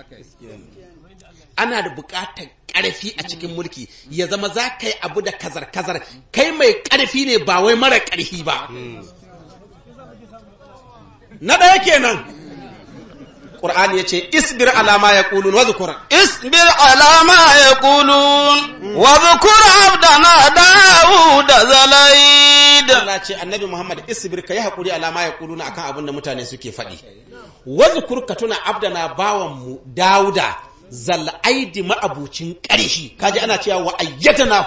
ana da buƙatar ƙarfi a cikin mulki ya zama za ka yi abu da kazar-kazar kai mai ƙarfi ne ba wai mara ƙarfi ba na ɗaya kenan Qur'ani yace isbir ala ma yaqulun wa isbir ala ma yaqulun wa abdana daud zalaid Allah ce annabi Muhammad isbir kai hakuri ala ma yaqulun akan abin da mutane suke faɗi wa ka tuna abdana bawan mu dauda zal'aidi ma'abucin ƙarshi kaji ana cewa wa ayyadana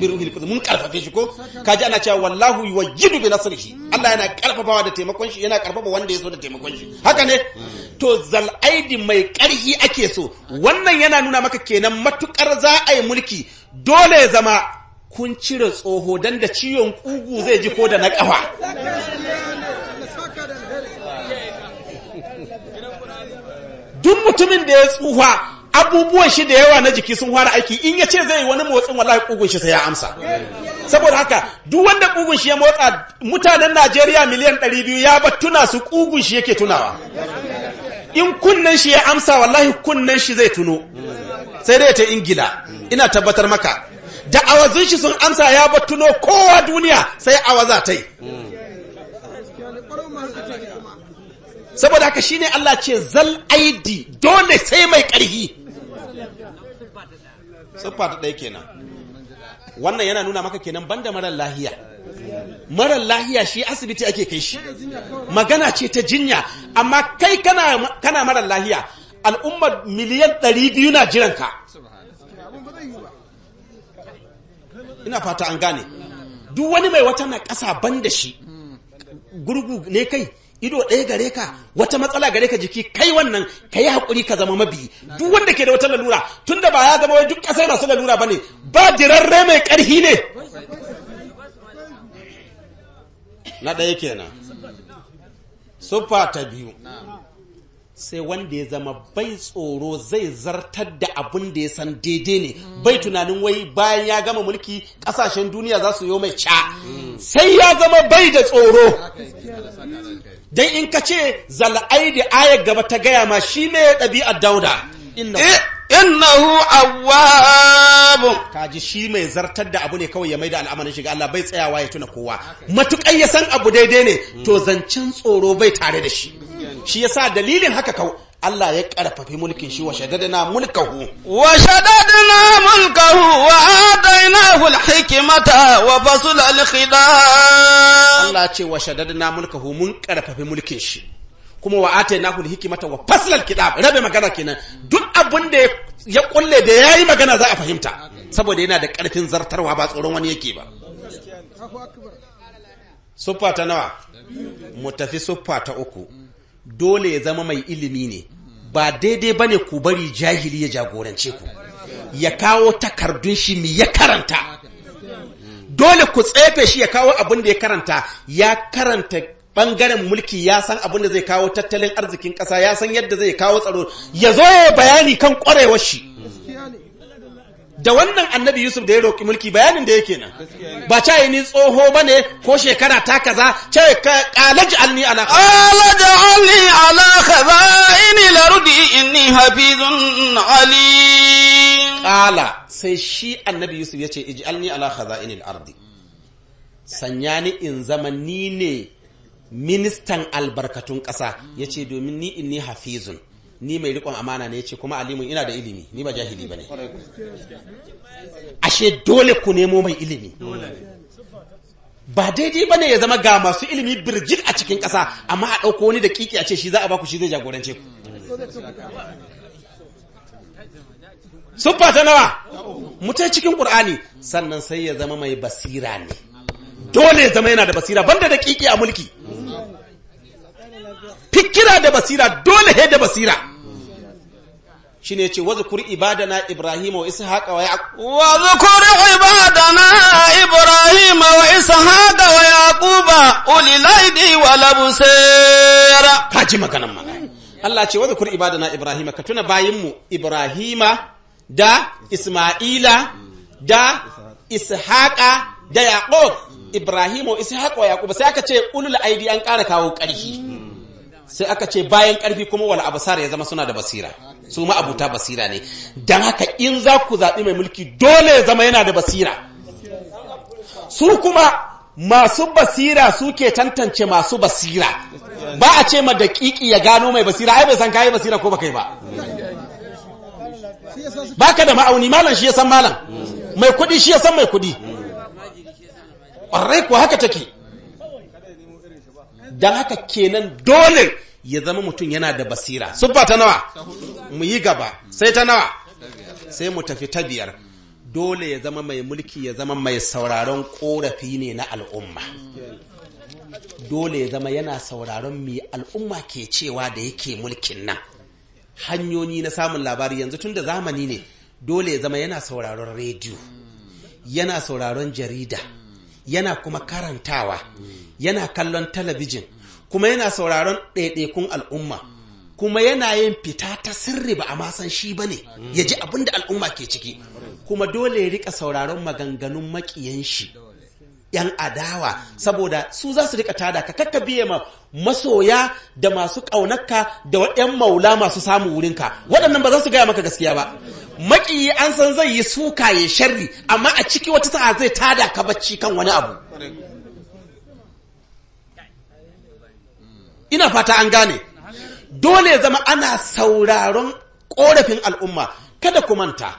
biruhil qudus mun karfafe shi ko kaji ana cewa wallahu yuwajjidu bi nasrihi Allah yana karfafawa da taimakon shi yana karfafa wanda ya so da taimakon shi haka ne to zal'aidi mai ƙarhi ake so wannan yana nuna maka kenan matukar za a yi mulki dole ya zama kun cire tsoho dan da ciwon kugu zai ji ko da na kafa duk mutumin da ya tsufa abubuwan shi da yawa na jiki sun fara aiki in ya ce zai wani motsin wallahi kugun shi sai ya amsa saboda haka duk wanda kugun shi ya motsa mutanen Najeriya miliyan 200 ya bar tuna su kugun shi yake tunawa in kunnen shi ya amsa wallahi kunnen shi zai tuno sai dai ta ingila ina tabbatar maka da awazin shi sun amsa ya bar tuno kowa duniya sai awaza tai saboda haka shine Allah ce zal aidi dole sai mai ƙarfi. siffa ta ɗaya kenan wannan yana nuna maka kenan banda marar lahiya marar lahiya shi asibiti ake kai shi magana ce ta jinya amma kai kana kana marar lahiya al'ummar miliyan biyu na jiranka ina fata an gane duk wani mai wata na ƙasa ban da shi gurgu ne kai ido ɗaya gare ka wata matsala gare ka jiki kai wannan ka yi haƙuri ka zama mabi duk wanda ke da wata lalura tun da ba ya zama duk ƙasar masu lalura ba ne ba dirarre mai ƙarhi ne na ɗaya kenan sufa ta biyu sai wanda ya zama bai tsoro zai zartar da abin da ya san daidai ne bai tunanin wai bayan ya gama mulki ƙasashen duniya za su yi mai ca sai ya zama bai da tsoro dan in ka ce zal'aidi ayar gaba ta gaya ma shi ne ɗabi'ar dauda eh, innahu kaji shi mai zartar da abu ne kawai ya da al'amarin shiga Allah bai tsayawa ya tuna kowa matukai ya san abu daidai ne to zancen tsoro bai tare da shi shi yasa dalilin haka kawai Allah ya ƙarfafi mulkin shi wa shadadna mulkahu wa shadadna mulkahu wa atainahu alhikmata wa fasl alkhidab Allah ce wa shadadna mulkahu mun ƙarfafi mulkin shi kuma wa atainahu alhikmata wa fasl alkhidab rabe magana kenan duk abin da ya kulle da yayi magana za a fahimta saboda yana da ƙarfin zartarwa ba tsoron wani yake ba suffa ta nawa mu tafi suffa ta uku dole ya zama mai ilimi ne ba daidai ba ne ku bari jahili ya jagorance ku ya kawo takardun shi mai ya karanta dole ku tsefe shi ya kawo abin da ya karanta ya karanta bangaren mulki ya san abin da zai kawo tattalin arzikin ƙasa ya san yadda zai kawo tsaro ya zo ya bayani kan ƙwarewar shi da wannan annabi Yusuf da ya roƙi mulki bayanin da yake nan ba cayi ni tsoho ne ko shekara ta kaza ka qalaji alni ala qalaji alni ala khazaini lardi inni hafizun Ali. qala sai shi annabi Yusuf yace ij'alni ala khazaini al-ardi sanya ni in zama ni ne ministan albarkatun ƙasa yace domin ni inni hafizun ni mai rikon amana ne ce kuma alimun ina da ilimi ni ba jahili bane ashe dole ku nemo mai ilimi ba daidai ba ne ya zama ga masu ilimi birjit a cikin ƙasa amma a ɗauko wani da kiki a ce shi za a baku shi zai jagorance ku suffa ta nawa mutai cikin ƙur'ani sannan sai ya zama mai basira ne dole ya zama yana da basira banda da kiki a mulki fikira da basira dole he da basira ce yace kuri ibadana ibrahimu wa Isa haka wa yaqub kuri ibadana ibrahimu wa Isa haka wa yaquba ulil aidi wal absar ji maganan mana Allah ce wazkur ibadana ibrahimu ka tuna bayinmu ibrahimu da isma'ila da ishaqa da yaqub ibrahimu wa ishaqa wa yaquba sai aka ce ulul aidi an ƙara kawo ƙarfi sai aka ce bayan ƙarfi kuma wal abasar ya zama suna da basira su ma abuta basira ne dan haka in za ku zaɓi mai mulki dole ya zama yana da basira su kuma masu basira suke tantance masu basira ba a ce ma daƙiƙi ya gano mai basira ai bai san kayi basira ko ba kai ba baka da ma'auni malam shi ya san malam mai kuɗi shi ya san mai kuɗi ƙwarai ko haka take don haka kenan dole ya zama mutum yana da basira siffa ta nawa mu yi gaba sai ta nawa sai mu tafi ta biyar dole ya zama mai mulki ya zama mai sauraron korafi ne na al'umma dole ya zama yana sauraron mai al'umma ke cewa da yake mulkin nan hanyoyi na samun labari yanzu tun da zamani ne dole ya zama yana sauraron rediyo yana sauraron jarida yana kuma karantawa yana kallon talabijin kuma yana sauraron ɗaiɗaikun al'umma kuma yana yin fita ta sirri ba a masan shi ba ne ya ji abin da al'umma ke ciki kuma dole ya riƙa sauraron maganganun maƙiyan shi 'yan adawa saboda su za su rika tada ka kakka biye ma masoya da masu ƙaunaka da waɗannan maula masu samu wurinka waɗannan ba za su gaya maka gaskiya ba maƙiyi an san zai yi suka ya sharri amma a ciki wata sa'a zai tada ka bacci kan wani abu ina fata an gane dole zama ana sauraron ƙorafin al'umma kada ku manta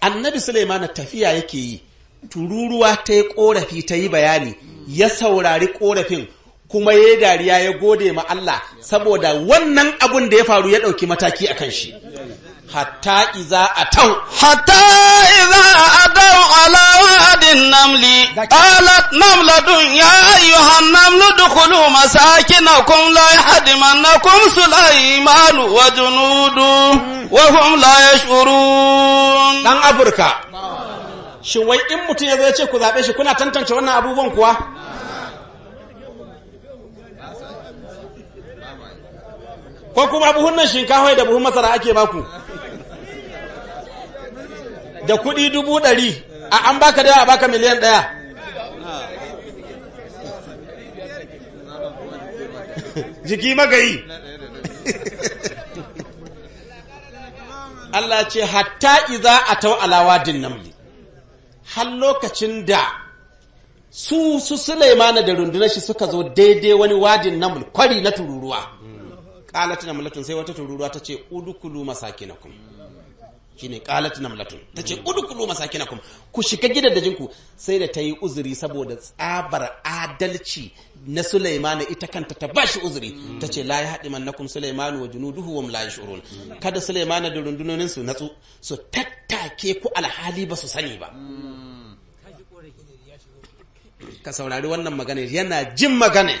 annabi suleiman tafiya yake yi tururuwa ta yi korafi ta yi bayani ya saurari korafin kuma ya dariya ya gode ma Allah saboda wannan abun da ya faru ya ɗauki mataki a kan shi hatta iza a tau hatta iza a tau ala wadin namli qalat namlatun ya ayyuhan namlu dukhulu masakinakum la yahdimannakum sulaiman wa junudu wa hum la yash'urun dan afirka shin wai in mutum ya zai ce ku zaɓe shi kuna tantance wannan abubuwan kuwa ko kuma buhun nan shinkafa da buhun masara ake baku da kuɗi dubu ɗari a an baka daya a baka miliyan ɗaya (laughs) jiki magayi (laughs) Allah ce hatta iza a tau din namli har lokacin da su su Sulaimana da rundunar shi suka zo daidai wani wadin na mulkwari na tururuwa ƙalatina mulkin sai wata tururuwa ta ce na masakinakum shine qalat namlatun tace udkhulu masakinakum ku shiga gidajen ku sai da tayi uzuri saboda tsabar adalci na Sulaimana ita kanta ta bashi uzuri tace la yahdimannakum Sulaimanu wa junuduhu wa la yashurun kada Sulaimana da rundunonin su natsu su tattake ku alhali ba su sani ba hmm. ka saurari wannan magana yana jin magana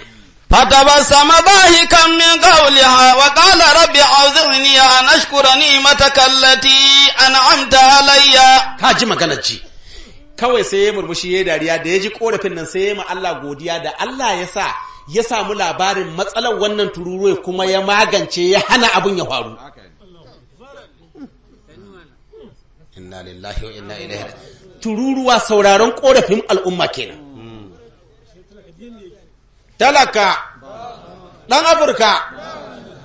فتبسم ضاحكا من قولها وقال رب أعذرني أن أشكر نعمتك التي أنعمت علي كاجي magana ji kawai sai ya murmushi ya dariya da ya ji korafin nan sai ya ma Allah godiya da Allah ya sa ya samu labarin matsalar wannan tururuwa kuma ya magance ya hana abin ya faru inna lillahi wa inna ilaihi tururuwa sauraron korafin al'umma kenan talaka ɗan afirka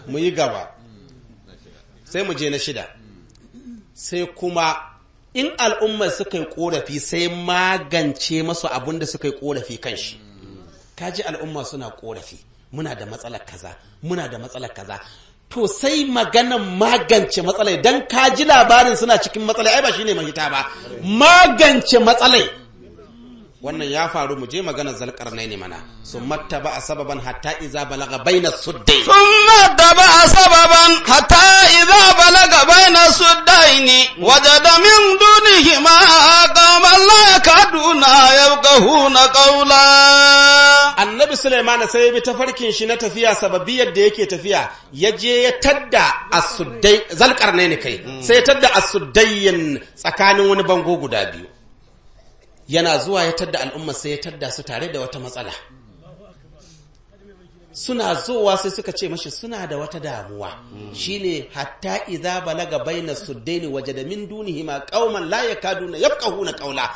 mu yi gaba sai mu je na shida sai kuma in al'umma suka yi korafi sai magance masu abin da suka yi korafi kan shi kaji al'umma suna korafi muna da matsalar kaza muna da matsalar kaza to sai maganan magance matsalai don kaji labarin suna cikin matsalai ai ba shine mahita ba magance matsalai wannan ya faru mu je magana zalkar ne mana sun matta ba a sababan hatta iza balaga baina suddai sun matta ba a sababan hatta iza balaga baina suddai ne da min dunihi ma kamar la kaduna na kaula annabi sulaiman sai ya bi tafarkin shi na tafiya sababiyar da yake tafiya ya je ya tadda a suddai zalkar ne kai sai ya tadda as-suddayyin tsakanin wani bango guda biyu yana zuwa ya tadda al'umma sai ya tadda su tare da wata matsala suna zowa sai suka ce mashi suna da wata damuwa shine hatta idza balaga baina suddaini da min dunihi ma qauman la yakaduna na qawla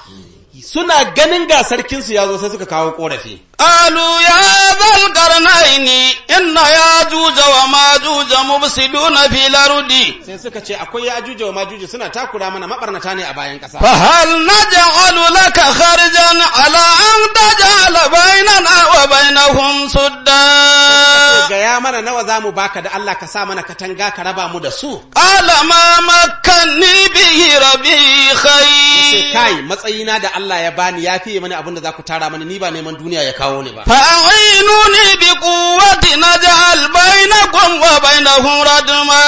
suna ganin ga sarkinsu ya zo sai suka kawo ƙorafi. Alu ya zalgar naini, inna ya juja wa ma juja mubsidu na filarudi. Sai suka ce akwai ya juja wa ma juja suna takura mana mabarnata ne a bayan ƙasa. Fahal na ja'alu laka kharjan ala an taj'ala bainana wa bainahum sudda. Gaya mana nawa za mu baka da Allah ka sa mana katanga ka raba mu da su. Alama makanni bihi rabi Sai Kai matsayina da Allah Allah ya bani ya fiye mani abin da za ku tara mani ni ba neman duniya ya kawo ni ba. Fa'ainu ne bi kuwati na ja'al bai na hura radma.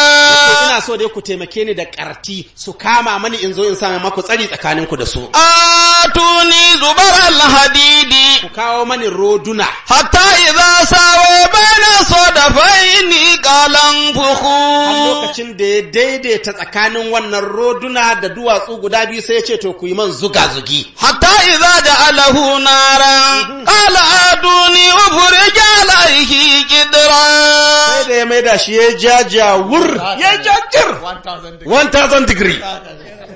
Ina so dai ku taimake ni da ƙarti su kama mani in zo in sami maku tsari tsakanin ku da su. A tuni zubar alhadidi. Ku kawo mani roduna. Hatta na so da sodafaini kalan fuku. A lokacin da ya daidaita tsakanin wannan roduna da duwatsu guda biyu sai ya ce to ku yi man zuga zugi. حتى إذا جعله نارا قال آدوني أفرج عليه قدرا sai da ya maida shi ya jaja wur degree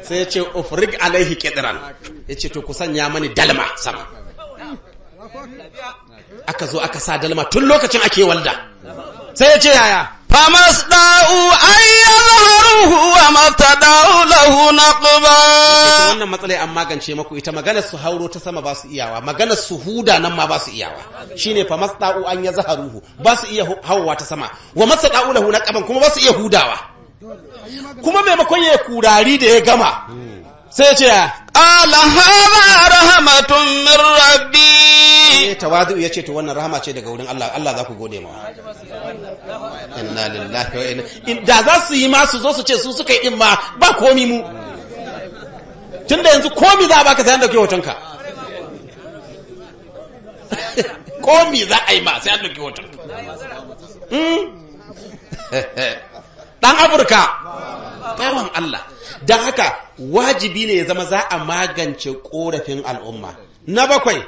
sai ya ce ufrig alaihi kidran ya ce to kusan ya mani dalma sama aka zo aka sa dalma tun lokacin ake walda sai ce yaya famas da'u ayyazharuhu wa matada'u lahu naqba wannan matsala an magance maku ita magana su hauro ta sama ba su iyawa magana su huda nan ma ba su iyawa shine famas da'u an yazharuhu ba su iya hawa ta sama wa matada'u lahu naqban kuma ba su iya hudawa kuma maimakon ya kurari da ya gama sai ya ce qala hadha rahmatun min rabbi sai tawazu ya ce to wannan rahama ce daga wurin Allah Allah za ku gode ma inna lillahi wa inna da za su yi ma su zo su ce su suka yi ma ba komi mu tunda yanzu komi za a baka sai an dauke hotonka (laughs) komi za a yi ma sai an dauke hoton? dan hmm? (laughs) Afirka bawan Allah dan haka wajibi ne ya zama za a magance korafin al'umma na bakwai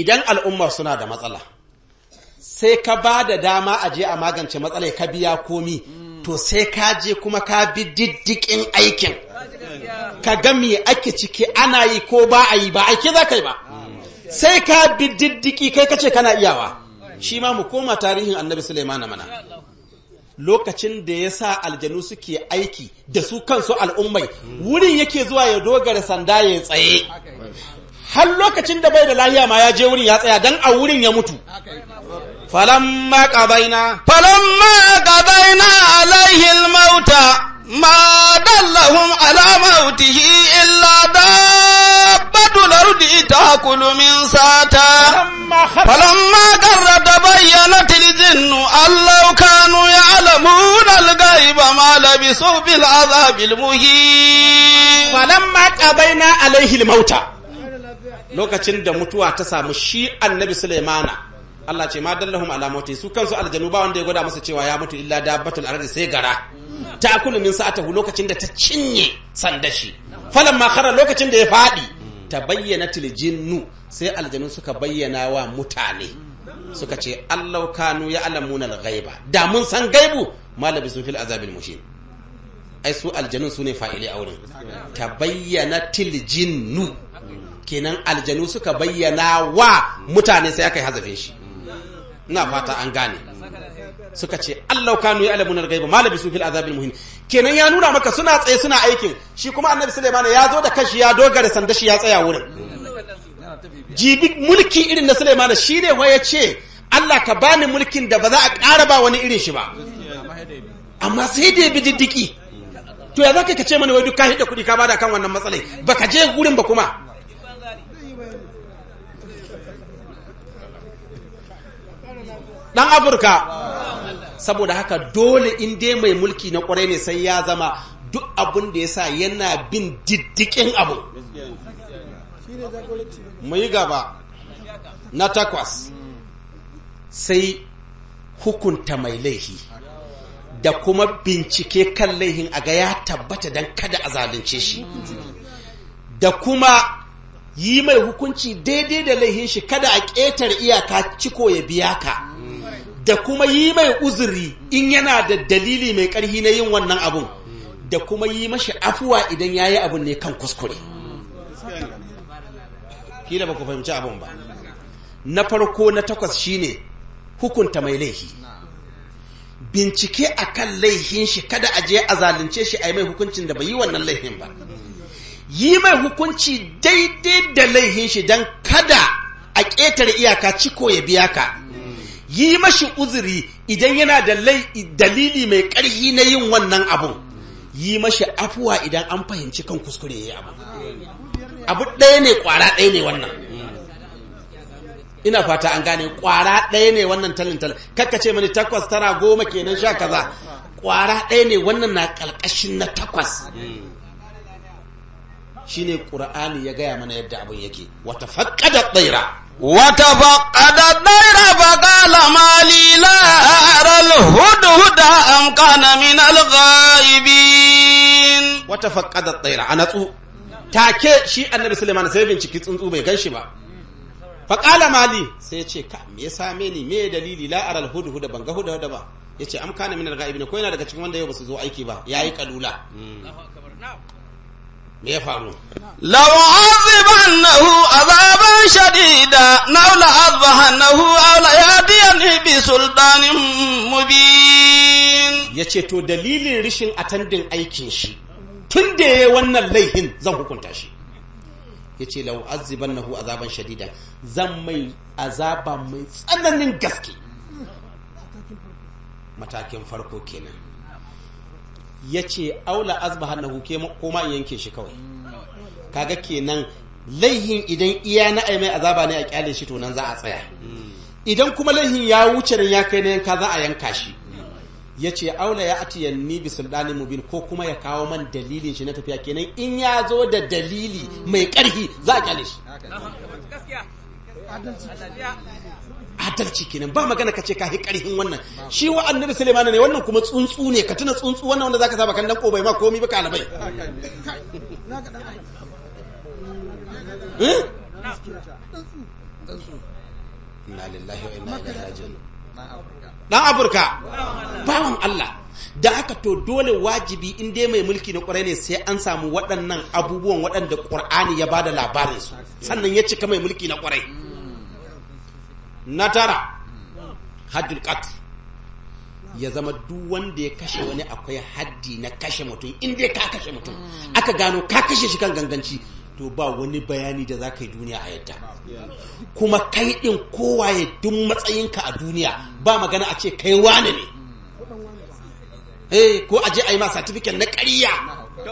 idan al'umma suna da matsala sai ka ba da dama a je a magance matsala ka biya komi to sai ka je kuma ka bi diddikin aikin ka ga me ake ciki ana yi ko ba a yi ba aiki za ka yi ba sai ka bi diddiki kai kace kana iyawa shi ma mu koma tarihin annabi Suleiman mana lokacin da ya sa aljanu suke aiki da su kansu al'ummai wurin yake zuwa ya dogara sanda ya tsaye har lokacin da bai da lahiya ma ya je wurin ya tsaya dan a wurin ya mutu falamma qabaina falamma qabaina alaihi mauta ma dallahum ala mautihi illa dabbatu lardi taakulu min sata falamma qarrada bayyana aljinn allau kanu ya'lamuna algayba ma labisu bil azabil muhin falamma qabaina alaihi mauta. lokacin da mutuwa ta samu shi annabi sulaimana Allah ce ma dallahum ala mauti su kansu aljanu ba wanda ya gwada masa cewa ya mutu illa dabbatul ardi sai gara ta kullu min sa'atahu lokacin da ta cinye sandashi falan ma khara lokacin da ya fadi ta bayyana jinnu sai aljanu suka bayyana wa mutane suka ce Allah kanu ya alamuna al-ghaiba da mun san gaibu malabi sun fil azabil mushin ai su aljanun su ne fa'ili aure. ta bayyana jinnu kenan aljanu suka bayyana wa mutane sai aka yi hazafe shi ina fata an gane suka ce Allah kanu ya na gai gaiba malabi su fil azabin muhin kenan ya nuna maka suna tsaye suna aikin shi kuma annabi Sulaiman ya zo da kashi ya dogara sanda shi ya tsaya wurin jibi mulki irin na Sulaiman shi ne waya ce Allah ka bani mulkin da ba za a ƙara ba wani irin shi ba amma sai da bi diddiki to ya zaka ka ce mana wai duk ka hidda kuɗi ka bada kan wannan matsalai baka je gurin ba kuma Ɗan afirka saboda haka dole in dai mai mulki na kwarai ne sai ya zama duk abin da ya sa yana bin diddikin abu mu yi gaba na takwas sai hukunta mai laihi da kuma bincike kan laihin a ga ya tabbata don kada a zalunce shi da kuma yi mai hukunci daidai da laihin shi kada a ƙetar iyaka ciko ya biya ka da kuma yi mai uzuri in yana da dalili mai ƙarfi na yin wannan abun da kuma yi mashi afuwa idan ya yi abin ne kan kuskure kila ba fahimci abin ba na farko na takwas shine hukunta mai laihi bincike akan laihin shi kada a je a zalunce shi a yi mai hukuncin da bai yi wannan laihin ba yi mai hukunci daidai da laihin shi don kada a ƙetare iyaka ciko ya biya ka yi mashi uzuri idan yana da dalili mai ƙarfi na yin wannan abun yi mashi afuwa idan an fahimci kan kuskure ya yi abu abu ɗaya ne ƙwara ɗaya ne wannan ina fata an gane ƙwara ɗaya ne wannan talin talin kakka ce mani takwas tara goma kenan sha kaza ƙwara ɗaya ne wannan na ƙarƙashin na takwas shine qur'ani ya gaya mana yadda abin yake wata faqqada tsaira wata faqqada tsaira fa qala mali la hudu hudhuda am kana min al ghaibin wata a tsaira Ta take shi annabi sulaiman sai binciki tsuntsu bai ganshi ba fa qala mali sai ya ce ka me ya same ni me dalili la hudu hudhuda ban ga hudhuda ba yace am kana min al ghaibin ko yana daga cikin wanda yau ba su zo aiki ba yayi kalula me ya faru law azibannahu azaban shadida naw la azbahannahu ya la yadiyani bi sultanin mubin yace to dalilin rishin atandin aikin shi tun da yayi wannan laihin zan hukunta shi yace law azibannahu azaban shadida zan mai azaba mai tsananin gaske matakin farko kenan ya ce aula azba na huke koma in yanke shi kawai kaga kenan laihin idan iya na ai mai azaba ne a kyale shi to nan za a tsaya idan kuma laihin ya wuce nan ya kai na yanka za a yanka shi ya ce aula ya ati atiyanni bi sulɗani mubin ko kuma ya kawo man dalilin shi na tafiya kenan in ya zo da dalili mai ƙarfi za a kyale shi adalci kenan ba magana kace ka hi karhin wannan shi wa annabi sulaiman ne wannan kuma tsuntsu ne ka tuna tsuntsu wannan wanda zaka saba kan dan kobai ma komai ba kalabai eh? lillahi wa inna ilaihi raji'un dan afirka bawan Allah da aka to dole wajibi in dai mai mulki na kwarai ne sai an samu waɗannan abubuwan waɗanda ƙur'ani ya bada labarin su sannan ya cika mai mulki na kwarai na tara hajjul ya zama duk wanda ya kashe wani akwai haddi na kashe mutum inda ka kashe mutum aka gano ka kashe shi kan ganganci to ba wani bayani da za ka yi duniya a yadda kuma kai ɗin kowaye duk matsayinka a duniya ba magana a ce kai wane ne eh, ko a je a yi ma certificate na ƙarya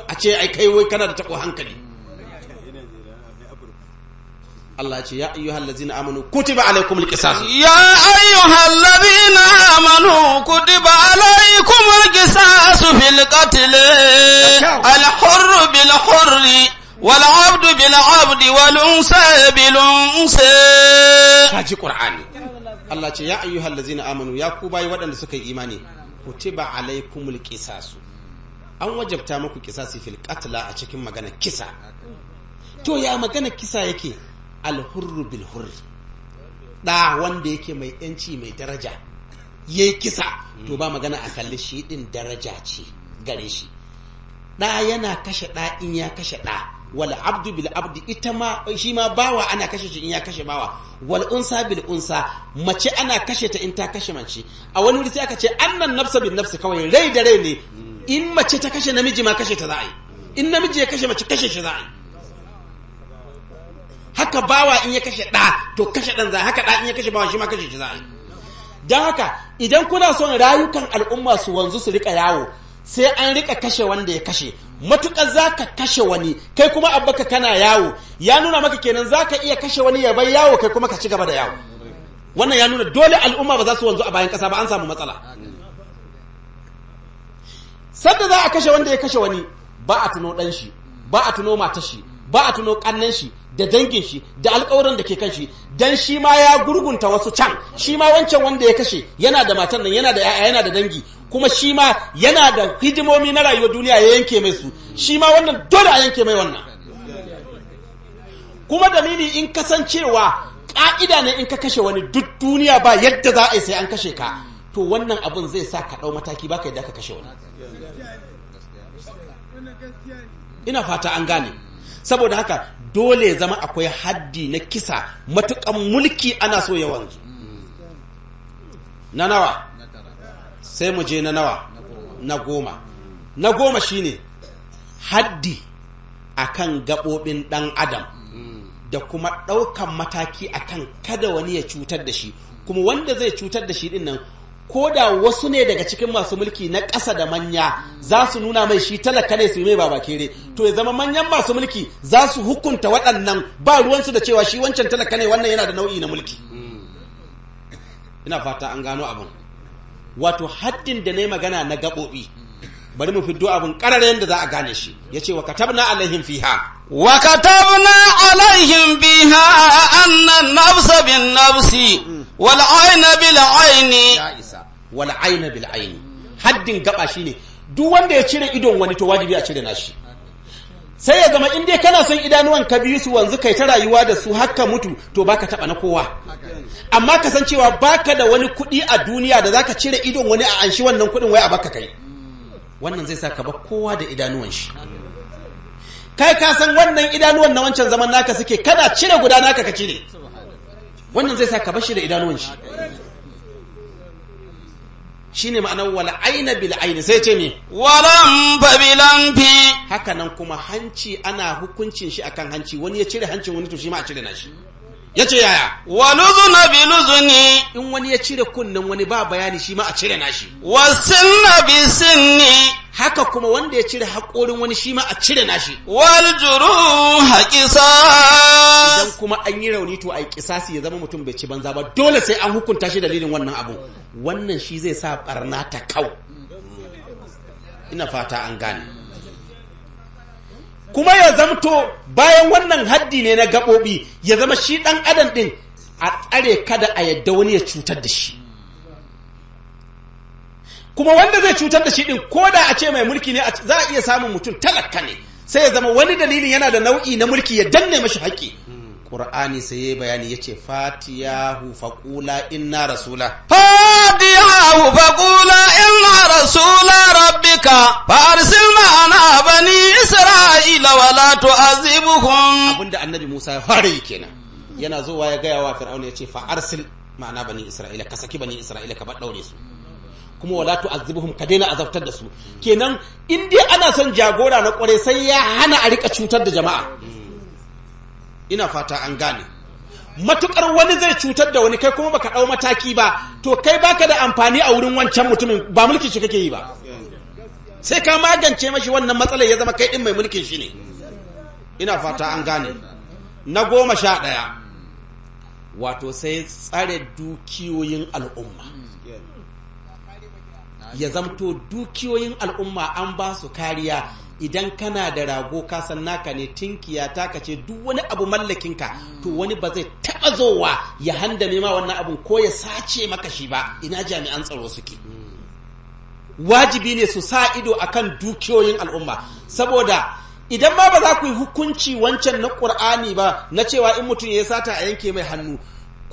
a ce ai kai wai kana da tako hankali Allah ce ya ayyuhal allazina amanu kutiba alaikumul qisas ya ayyuhal allazina amanu kutiba alaikumul qisas fil qatl al hurr bil hurr wal abd bil abd wal unsa bil unsa kaji qur'ani Allah ce ya ayyuhal allazina amanu ya ku bai waɗanda suka yi imani kutiba alaikumul qisas an wajabta muku qisas fil qatl a cikin magana kisa to ya magana kisa yake alhurru bilhur ɗa wanda yake mai yanci mai daraja ya kisa to ba magana a kalli shi din daraja ce gare shi ɗa yana kashe ɗa in ya kashe ɗa wal abdu bil abdi ita ma shi ma bawa ana kashe shi in ya kashe bawa wal unsa bil unsa mace ana kashe ta in ta kashe mace a wani wuri sai aka ce annan nafsa bin nafsi kawai rai da rai ne in mace ta kashe namiji ma kashe ta za a yi in namiji ya kashe mace kashe shi za a yi haka bawa in ya kashe ɗa to kashe ɗan za haka ɗa in ya kashe bawa shi ma kashe shi za a don haka idan kuna son rayukan al'umma su wanzu su rika yawo sai an rika kashe wanda ya kashe matukar za ka kashe wani kai kuma abbaka kana yawo ya nuna maka kenan za ka iya kashe wani ya bai yawo kai kuma ka ci gaba da yawo wannan ya nuna dole al'umma ba za su wanzu a bayan ƙasa ba an samu matsala sanda za a kashe wanda ya kashe wani ba a tuno ɗan ba a tuno matashi. shi ba a tuno kannan shi da dangin shi da alƙawarin da ke kan shi dan shi ma ya gurgunta wasu can shi ma wancan wanda ya kashe yana da matan nan yana da yaya yana da dangi kuma shi ma yana da hidimomi na rayuwar duniya ya yanke mai su shi ma wannan dole a yanke mai wannan kuma dalili in kasancewa ka'ida ne in ka kashe wani duk duniya ba yadda za a yi sai an kashe ka to wannan abin zai sa ka ɗau mataki ba ka yadda ka kashe wani ina fata an gane saboda haka dole zama akwai haddi na kisa matukan mulki ana so ya wanzu na nawa sai mu je na nawa na goma na goma shine haddi akan gaɓoɓin ɗan adam da kuma ɗaukan mataki akan kada wani ya cutar da shi kuma wanda zai cutar da shi ko da wasu ne daga cikin masu mulki na ƙasa da manya za su nuna mai shi talaka ne su mai baba kere to ya zama manyan masu mulki za su hukunta waɗannan ba ruwansu da cewa shi wancan talaka ne wannan yana da nau'i na mulki ina fata an gano abin wato haddin da na yi magana na gaɓoɓi bari mu fiddo abin ƙararren da za a gane shi ya ce wa katabna alaihim fiha wa katabna alaihim fiha annan nafsa nafsi wal'aina bil'aini wal'aina aini haddin gaba shine duk wanda ya cire idon wani to wajibi a cire nashi sai ya zama in dai kana son idanuwan ka biyu su wanzu kai ta rayuwa da su haka mutu to baka taba na kowa amma kasancewa baka da wani kuɗi a duniya da zaka cire idon wani a anshi wannan kuɗin wai a baka kai wannan zai sa ka ba kowa da idanuwan shi kai ka san wannan idanuwan na wancan zaman naka suke kana cire guda naka ka cire wannan zai sa ka bashi da idanuwan shi Shi ne ma'anar wala aina bil aini sai ce me walan babilan fi Hakanan kuma hanci ana hukuncin shi akan hanci wani ya cire hancin wani to shi ma a cire nashi ce yaya waluzuna biluzni in wani ya cire kunnen wani ba bayani shi ma a cire nashi wasinna bisinni haka kuma wanda ya cire haƙorin wani shi ma a cire nashi wal juru qisas idan kuma an yi rauni to ai kisasi ya zama mutum bai ci banza ba dole sai an hukunta shi dalilin wannan abu wannan shi zai sa ɓarna ta kau ina fata an gane kuma ya zamto bayan wannan haddi ne na gaɓoɓi ya zama shi ɗan adam ɗin a tsare kada a yadda wani ya cutar da shi kuma wanda zai cutar da shi din ko da a ce mai mulki ne za a iya samun mutum talaka ne sai ya zama wani dalilin yana da nau'i na mulki ya danne mashi haƙƙi qur'ani sai ya bayani yace fatiyahu faqula inna rasula fatiyahu faqula inna rasula rabbika farsil ma'ana bani isra'ila wala tu'azibuhum abinda annabi Musa ya fara yi kenan yana zuwa ya gaya wa fir'auna yace fa arsil ma'ana bani isra'ila ka saki bani isra'ila ka bar daure su kuma wala tu'azzibuhum ka daina azabtar da su kenan in dai ana son jagora na kware sai ya hana a rika cutar da jama'a ina fata an gane matukar wani zai cutar da wani kai kuma baka dau mataki ba to kai baka da amfani a wurin wancan mutumin ba mulki shi kake yi ba sai ka magance mashi wannan matsalar ya zama kai din mai mulkin shi ne ina fata an gane na goma sha ɗaya wato sai tsare dukiyoyin al'umma ya zamto dukiyoyin al'umma an ba su kariya idan kana da rago ka san naka ne tinkiya taka ce duk wani abu mallakinka to wani ba zai taba zowa ya handame ma wannan abun ko ya sace maka shi ba ina jami'an tsaro suke wajibi ne su sa ido a kan dukiyoyin al'umma saboda idan ma ba za ku yi hukunci wancan na ƙur'ani ba na cewa in mutum ya sata a yanke mai hannu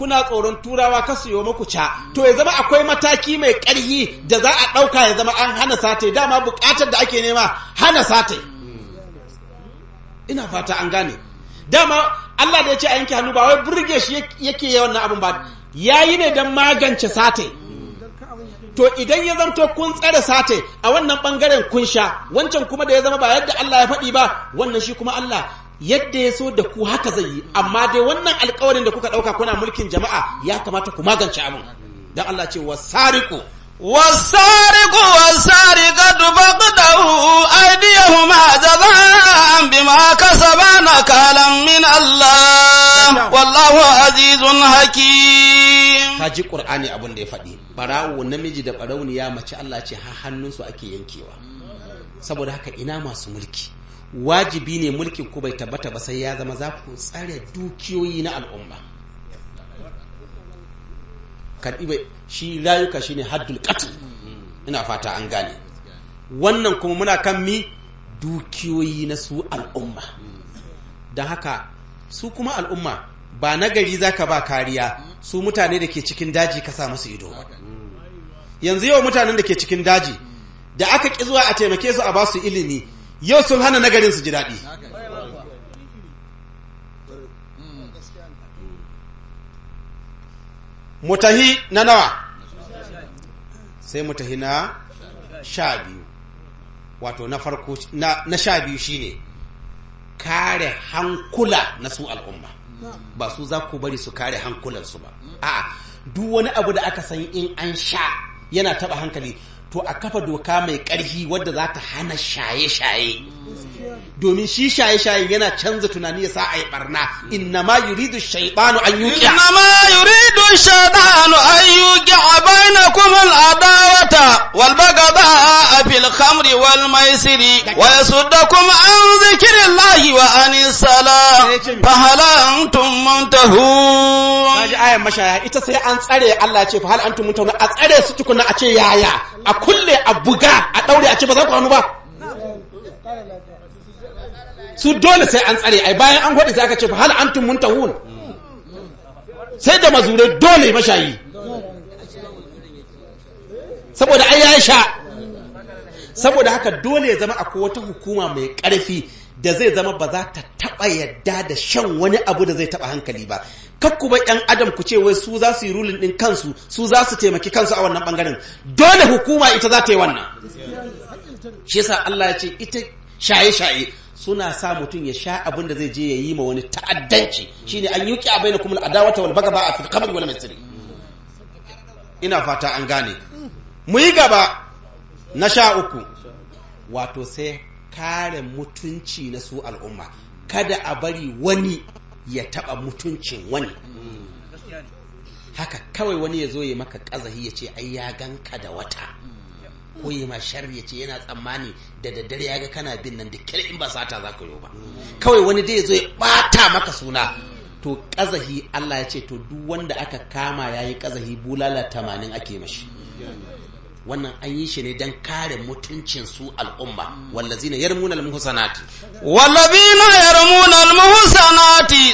kuna tsoron turawa kasu siyo muku ca to ya zama akwai mataki mai ƙarfi da za a ɗauka ya zama an hana sate dama buƙatar da ake nema hana sate ina fata an gane dama Allah da ya ce a yanke hannu ba wai burge shi yake wannan abin ba ya yi ne don magance sate to idan ya zanto kun tsare sate a wannan bangaren kun sha wancan kuma da ya zama ba yadda Allah ya faɗi ba wannan shi kuma Allah yadda ya so da ku haka zai yi amma dai wannan alkawarin da kuka ɗauka kuna mulkin jama'a ya kamata ku magance abin don Allah ce wasariku wasariku wasarika tubaqdahu aydiyahuma jazaan bima kasabana kalam min Allah wallahu azizun hakim kaji qur'ani abin da ya faɗi barawo namiji da barauniya mace Allah ce har hannunsu ake yankewa saboda haka ina masu mulki wajibi ne mulkin ku bai tabbata ba sai ya zama za ku tsare dukiyoyi na al'umma karɓi shi rayuka ne haddul qatl ina fata an gane wannan kuma muna kan mi dukiyoyi na su al'umma don haka su kuma al'umma ba nagari za ka ba kariya su mutane da ke cikin daji ka sa musu ido yanzu yau mutanen da ke cikin daji da aka ƙi zuwa a taimake su a ba su ilimi yau sun hana nagarin su ji daɗi mutahi na nawa sai mutahi na sha biyu wato na farko na sha biyu shine kare hankula na su al'umma ba su za ku bari su kare hankulansu ba a'a duk wani abu da aka san in an sha yana taba hankali to a kafa doka mai ƙarfi wadda za ta hana shaye-shaye domin shi shaye-shayen yana canza tunani ya sa a yi barna inna ma yuridu shaibanu an ukiya inna ma yuridu shaibanu an yuqi bainakum al-adawata wal a fil khamri wal maisiri wa kuma an lahi. wa anis salam fa hal antum muntahun kaji ayan mashaya ita sai an tsare Allah ce fa hal antum muntahun a tsare su tukuna a ce yaya a kulle a buga a daure a ce ba za ku hannu ba su dole sai an tsare ai bayan an gwada sai aka ce fa hal antum muntahun sai da mazure dole mashayi saboda ai ya sha saboda haka dole ya zama akwai wata hukuma mai karfi da zai zama ba za ta taɓa yadda da shan wani abu da zai taba hankali ba kakku ba yan adam ku ce wai su za su yi rulin ɗin kansu su za su taimaki kansu a wannan ɓangaren dole hukuma ita za ta yi wannan shi yasa Allah ya ce ita shaye-shaye suna sa mutum ya sha abin da zai je ya yi ma wani ta'addanci shine an yi yuki a na kuma adawata wal bagaba a fil wani mai tsiri. ina fata an gane mu yi gaba na sha uku wato sai kare mutunci na su al'umma kada a bari wani ya taba mutuncin wani haka kawai wani ya zo ya maka kazahi ya ce ai ya ganka da wata koye ma sharri ya ce yana tsammani da daddare ya ga kana bin nan da kyar in ba sata za ka yi ba kawai wani dai zo ya bata maka suna to kazahi Allah ya ce to duk wanda aka kama ya yi kazahi bulala tamanin ake mashi wannan an yi shi ne don kare mutuncin su al'umma wallazina yarmuna al-muhsanati wallazina yarmuna al-muhsanati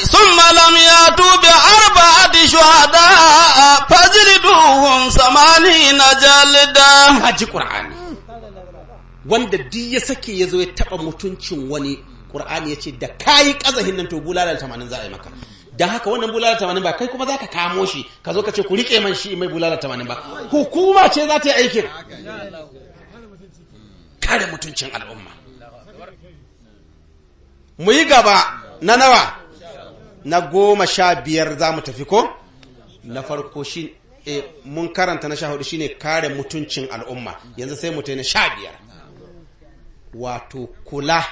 lam yatu bi arba'ati shuhada samani na na haji qur'ani wanda duk ya sake ya zo ya taɓa mutuncin wani ƙur'ani ya ce da ka kazahin nan to bulala tamanin za a yi maka don haka wannan bulala tamanin ba kai kuma za ka kamo shi ka zo ka ce ku rike man shi mai bulala tamanin ba hukuma ce za ta yi aikin kare mutuncin al'umma mu yi gaba na nawa na goma sha biyar za mu tafi ko na farko shi e, mun karanta na sha hudu shine kare mutuncin al'umma yanzu sai mutu na sha biyar wato kula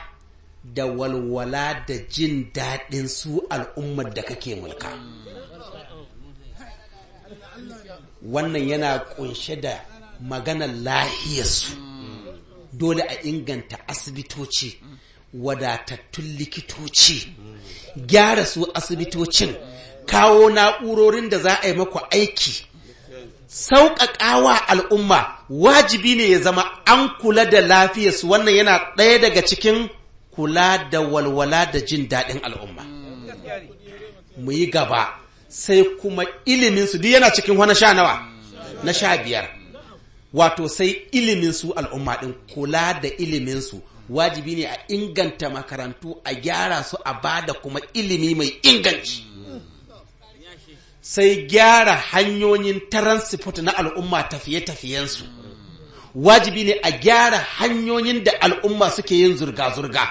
da walwala da jin daɗin su al'ummar da kake mulka wannan yana kunshe da maganar lahiyarsu dole a inganta asibitoci wadatattun likitoci gyara su asibitocin kawo na'urorin da za a yi maku aiki sauƙaƙawa al'umma wajibi ne ya zama an kula da lafiyarsu wannan yana ɗaya daga cikin kula da walwala da jin daɗin al'umma. Mu yi gaba sai kuma iliminsu duk yana cikin wani sha nawa na sha biyar. Wato sai iliminsu al'umma ɗin kula da iliminsu wajibi ne a inganta makarantu a gyara su a bada kuma ilimi mai inganci. sai gyara hanyoyin transport na al'umma tafiye-tafiyensu wajibi ne a gyara hanyoyin da al'umma suke yin zurga-zurga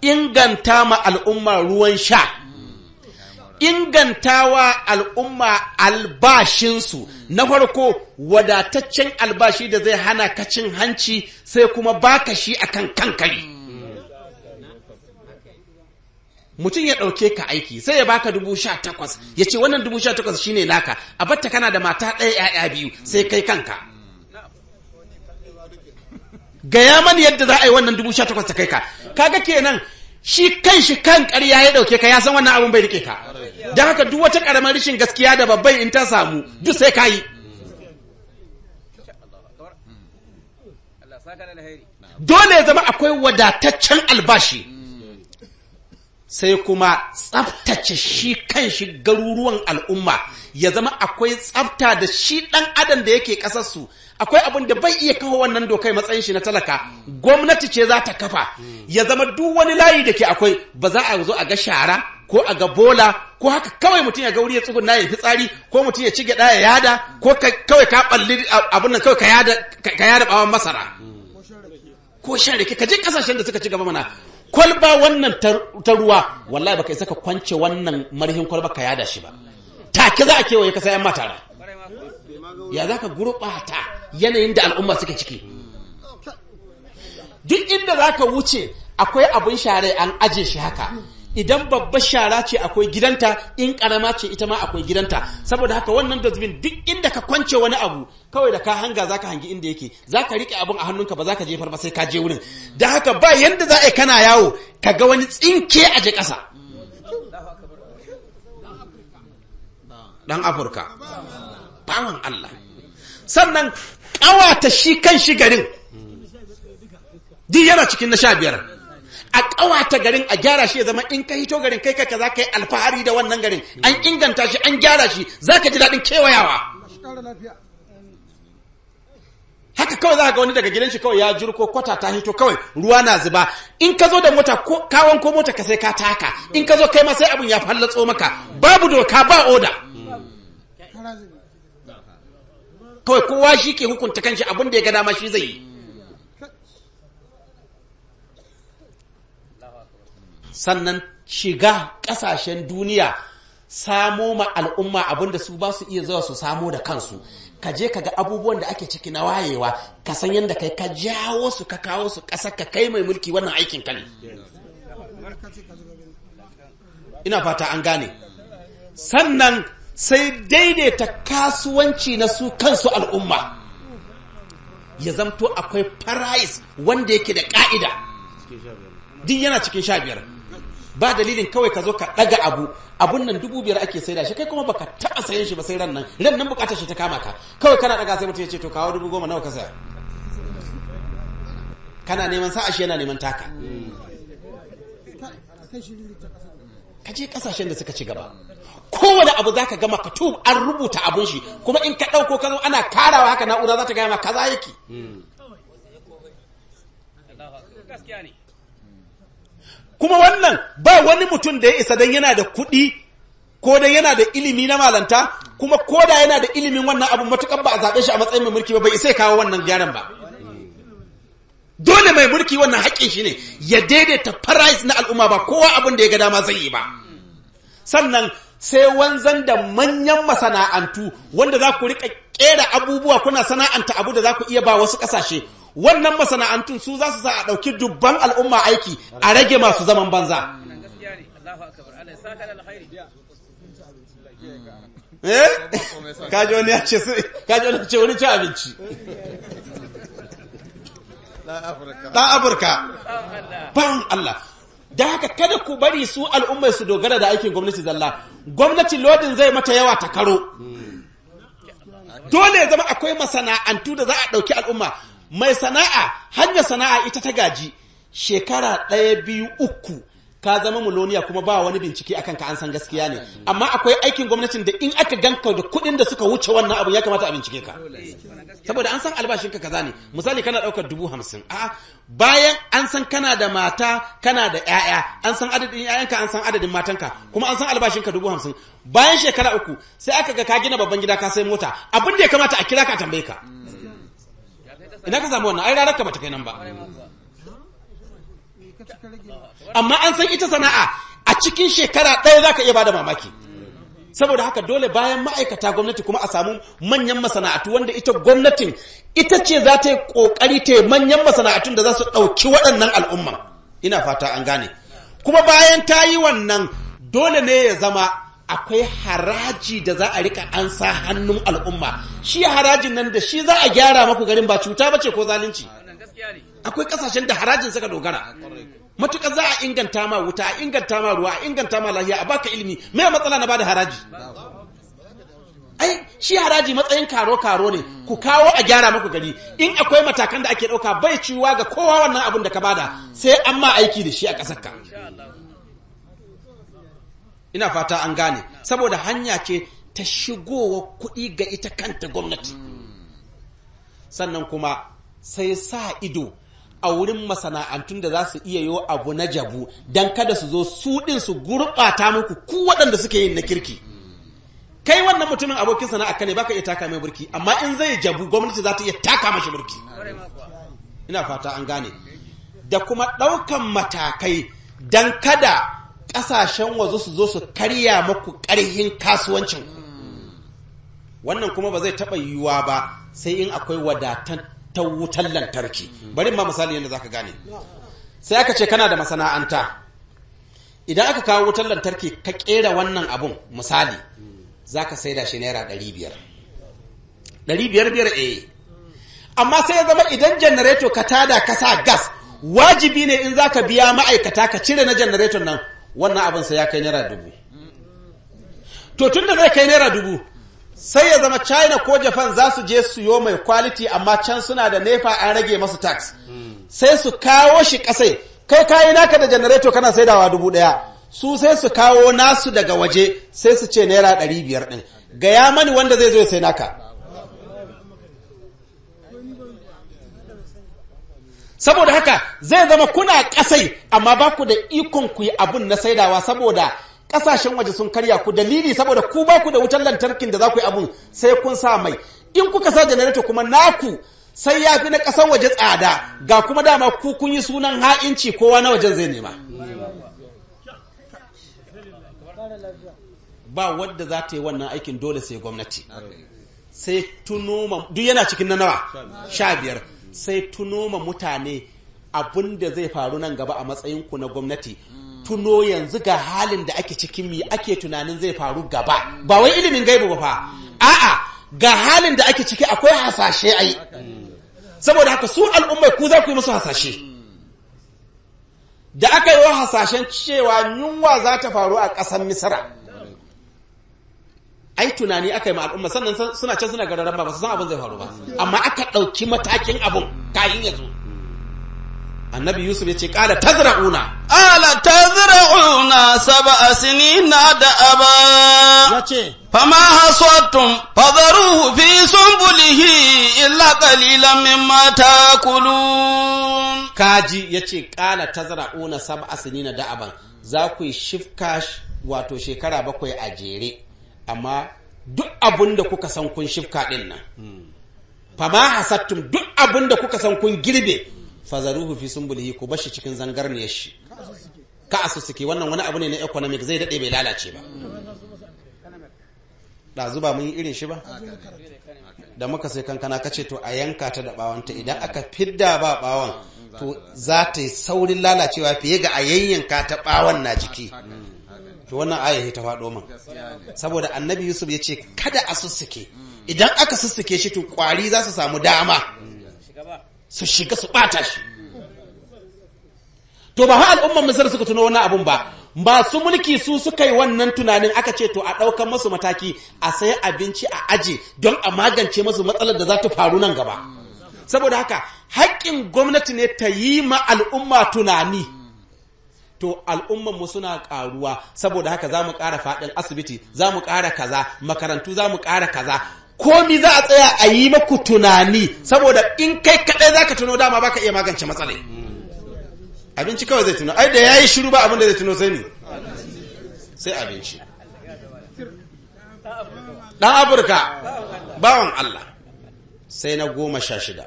inganta ma al'umma ruwan sha ingantawa al'umma albashinsu na farko wadataccen albashi da zai hana kacin hanci sai kuma baka shi akan kankari mutum ya ɗauke ka aiki sai ya baka dubu sha takwas ya ce wannan dubu sha takwas shi ne naka a batta kana da mata ɗaya ‘ya'ya biyu sai kai kanka gaya mani yadda za a yi wannan dubu sha takwas ta kai ka kaga kenan shi kan shi kan ƙarya ya ɗauke ka ya san wannan abin bai rike ka don haka duk wata ƙaramin rashin gaskiya da babban in ta samu duk sai ka yi dole ya zama akwai wadataccen albashi sai kuma tsaftace shi kan shi garuruwan al'umma ya zama akwai tsafta da shi ɗan adam da yake ƙasarsu akwai abin da bai iya kawo wannan dokai matsayin shi na talaka gwamnati ce za ta kafa ya zama duk wani layi da ke akwai ba za a zo a ga shara ko a ga bola ko haka kawai mutum ya ga wuri ya tsuguna ya fitsari ko mutum ya ci gyaɗa ya yada ko kawai ka balli abin nan kawai ka yada bawon masara ko shan rake ka je kasashen da suka ci gaba mana kwalba wannan ta ruwa wallahi baka isa ka kwance wannan marhin kwalba ka yada shi ba take za a kewaye ka sai yan matara ya za ka gurɓata yanayin da al'umma suke ciki duk inda za ka wuce akwai abin share an aje shi haka idan babbar shara ce akwai gidanta in karama ce ita ma akwai gidanta saboda haka wannan dustbin duk inda ka kwance wani abu kawai da ka hanga zaka hangi inda yake zaka rike abun a hannunka ba zaka jefar ba sai ka je wurin da haka ba yanda za a kana yawo ka ga wani tsinke a je ƙasa dan afirka bawan Allah sannan ƙawata shi kan shi garin duk yana cikin na sha biyar a ƙawata garin a gyara shi ya zama in ka hito garin kai kaka za ka yi alfahari da wannan garin an inganta shi an gyara shi za ka ji daɗin kewayawa haka kawai za ka ga wani daga gidan shi kawai ya jirko kwata ta hito kawai ruwa na zuba in ka zo da mota ko kawon ko mota ka sai ka taka in ka zo kai ma sai abin ya fallatso maka babu doka ba oda kawai kowa shi ke hukunta kanshi abin da ya ga dama shi zai yi sannan shiga ƙasashen duniya samo ma al'umma abinda su ba su iya zuwa su samo da kansu ka je ka ga abubuwan da ake ciki na wayewa ka san yadda kai ka jawo su ka kawo su ƙasa ka kai mai mulki wannan aikin ka ne ina fata an gane sannan sai daidaita kasuwanci na su kansu al'umma ya zamto akwai price wanda yake da ka'ida duk yana cikin sha biyar ba dalilin kawai ka zo ka ɗaga abu abun nan dubu biyar ake saida shi kai kuma baka taɓa sayan shi ba sai ran nan ran nan bukatar shi ta kama ka kawai kana ɗaga sai mutum ya ce to kawo dubu goma nawa ka saya kana neman sa ashe yana neman taka ka je kasashen da suka ci gaba kowane abu zaka gama ka tu an rubuta abun shi kuma in ka ɗauko ka zo ana karawa haka na'ura za ta gaya ma kaza yake gaskiya ne kuma wannan ba wani mutum da ya isa dan yana da kuɗi ko da yana da ilimi na malanta kuma ko da yana da ilimin wannan abu matukar ba a zaɓe shi a matsayin mai mulki ba bai isai kawo wannan gyaran ba dole mai mulki wannan haƙƙin shi ne ya daidaita price na al'umma ba kowa abin da ya ga dama zai yi ba sannan sai wanzan da manyan masana'antu wanda za ku riƙa ƙera abubuwa kuna sana'anta abu da za ku iya ba wasu ƙasashe wannan masana'antun su za su sa a ɗauki dubban al'umma aiki a rage masu zaman banza eh? (laughs) kaji wani ya ce wani ci abinci ɗan afirka ban Allah da haka kada ku bari su al'ummai su dogara da aikin gwamnati zalla gwamnati lodin zai mata yawa ta karo dole ya zama akwai masana'antu da za a ɗauki al'umma mai sana'a hanya sana'a ita ta gaji shekara ɗaya biyu uku ka zama muloniya kuma ba wani bincike akan ka an san gaskiya ne amma akwai aikin gwamnatin da in aka ganka da kuɗin da suka wuce wannan abu ya kamata a bincike ka saboda an san albashinka kaza ne misali kana ɗaukar dubu hamsin a'a bayan an san kana da mata kana da 'ya'ya an san adadin 'ya'yanka an san adadin matanka kuma an san albashin ka dubu hamsin bayan shekara uku sai aka ga ka gina babban gida ka sai mota abin da ya kamata a kira ka tambaye ka. ina ka samu wannan ai ranar ka bata kai nan ba amma an san ita sana'a a cikin shekara ɗaya za ka iya bada mamaki saboda haka dole bayan ma'aikata gwamnati kuma a samu manyan masana'antu wanda ita gwamnatin ita ce za ta yi ƙoƙari ta manyan masana'antun da za su ɗauki waɗannan al'umma ina fata an gane kuma bayan ta yi wannan dole ne ya zama akwai haraji da za a rika an sa hannun al'umma shi harajin nan da shi za a gyara maku garin ba cuta bace ko zalunci akwai kasashen da harajin suka dogara matuƙa za a inganta ma wuta a inganta ma ruwa a inganta ma lahiya a baka ilimi mai matsala na bada haraji ai shi haraji matsayin karo karo ne ku kawo a gyara maku gari in akwai matakan da ake ɗauka bai ciwa ga kowa wannan abin da ka bada sai an ma aiki da shi a ƙasar ka ina fata an gane saboda hanya ce ta shigowa kuɗi ga ita kanta gwamnati sannan kuma sai sa ido a wurin masana'antun da za su iya wa abu na jabu don kada su zo su ɗin su gurɓata muku ku waɗanda suke yin na kirki kai wannan mutumin abokin sana'a ka ne baka iya taka mai burki amma in zai jabu gwamnati za ta iya taka mashi burki ina fata an gane da kuma ɗaukan matakai don kada ƙasashen wazo su zo su karya maku ƙarhin kasuwancin wannan kuma ba zai taɓa yiwuwa ba sai in akwai ta wutar lantarki bari ma misali yadda za ka gane sai aka ce kana da masana'anta idan aka kawo wutar lantarki ka ƙera wannan abun misali za ka saida shi naira ɗari biyar ɗari biyar biyar eh amma sai ya zama idan janareto ka tada ka sa gas wajibi ne in za ka biya ma'aikata ka cire na janareton nan wannan abin sai ya kai naira dubu to tun da zai kai naira dubu sai ya zama china ko japan za su je siyo mai quality amma can suna da nefa an rage masu tax sai su kawo shi kasai kai kayi naka da janareto kana saidawa dubu daya su sai su kawo nasu daga waje sai su ce naira ɗari biyar ɗin gaya mani wanda zai zo ya sai naka saboda haka zai zama kuna kasai amma ba ku da ikon ku yi abun na saidawa saboda kasashen waje sun karya ku dalili saboda ku ba ku da wutar lantarkin da za ku yi abun sai kun sa mai in kuka sa janareto kuma naku sai ya fi na kasar waje tsada ga kuma dama ku kun yi sunan ha'inci kowa na wajen zai nema ba wadda za ta yi wannan aikin dole sai gwamnati sai tuno duk yana cikin na nawa sha biyar sai tuno ma mutane abin da zai faru nan gaba a matsayinku na gwamnati tuno yanzu ga halin da ake cikin mi ake tunanin zai faru gaba ba wai ilimin gaibu ba fa a'a ga halin da ake ciki akwai hasashe ai saboda haka su al'ummai ku za ku yi musu hasashe da aka yi wa hasashen cewa yunwa za ta faru a ƙasar misira ai tunani aka yi ma al'umma sannan suna can suna gararan ba su san abin zai faru ba amma aka ɗauki matakin abun kayan ya zo annabi yusuf ya ce ƙala tazra'una ƙala tazra'una sab'a na da aba ya ce fama hasotun fadaruhu fi sumbulihi illa min mata takulun kaji ya ce ƙala tazra'una sab'a na da aban za ku yi shifka wato shekara bakwai a jere amma duk abin da kuka san kun shifka ɗin nan fama hasattum duk abin da kuka san kun girbe fazaruhu fi sumbulihi ku bashi cikin zangarniyar shi ka asu suke wannan wani abu ne na economic zai daɗe bai lalace ba da zuba mun yi irin shi ba da muka sai kankana ka ce to a yanka ta da bawanta idan aka fidda ba bawan to za ta yi saurin lalacewa fiye ga a yayyanka ta bawan na jiki to wannan aya ta faɗo man saboda annabi yusuf ya ce kada a sussuke idan aka sussuke shi to kwari za su samu dama su shiga su ɓata shi to ba ha al'ummar misar suka tuno wani abun ba masu mulki su suka yi wannan tunanin aka ce to a ɗaukan masu mataki a sayi abinci a aji don a magance masu matsalar da za ta faru nan gaba saboda haka haƙƙin gwamnati ne ta yi ma al'umma tunani to al'umman mu suna karuwa saboda haka za mu ƙara faɗin asibiti za mu ƙara kaza makarantu za mu ƙara kaza komi za a tsaya a yi maku tunani saboda in kai kaɗai za ka tuno dama baka iya magance matsalai abinci kawai zai tuno ai da ya yi shiru ba abin da zai tuno sai ne sai abinci ɗan afirka bawan allah sai na goma sha shida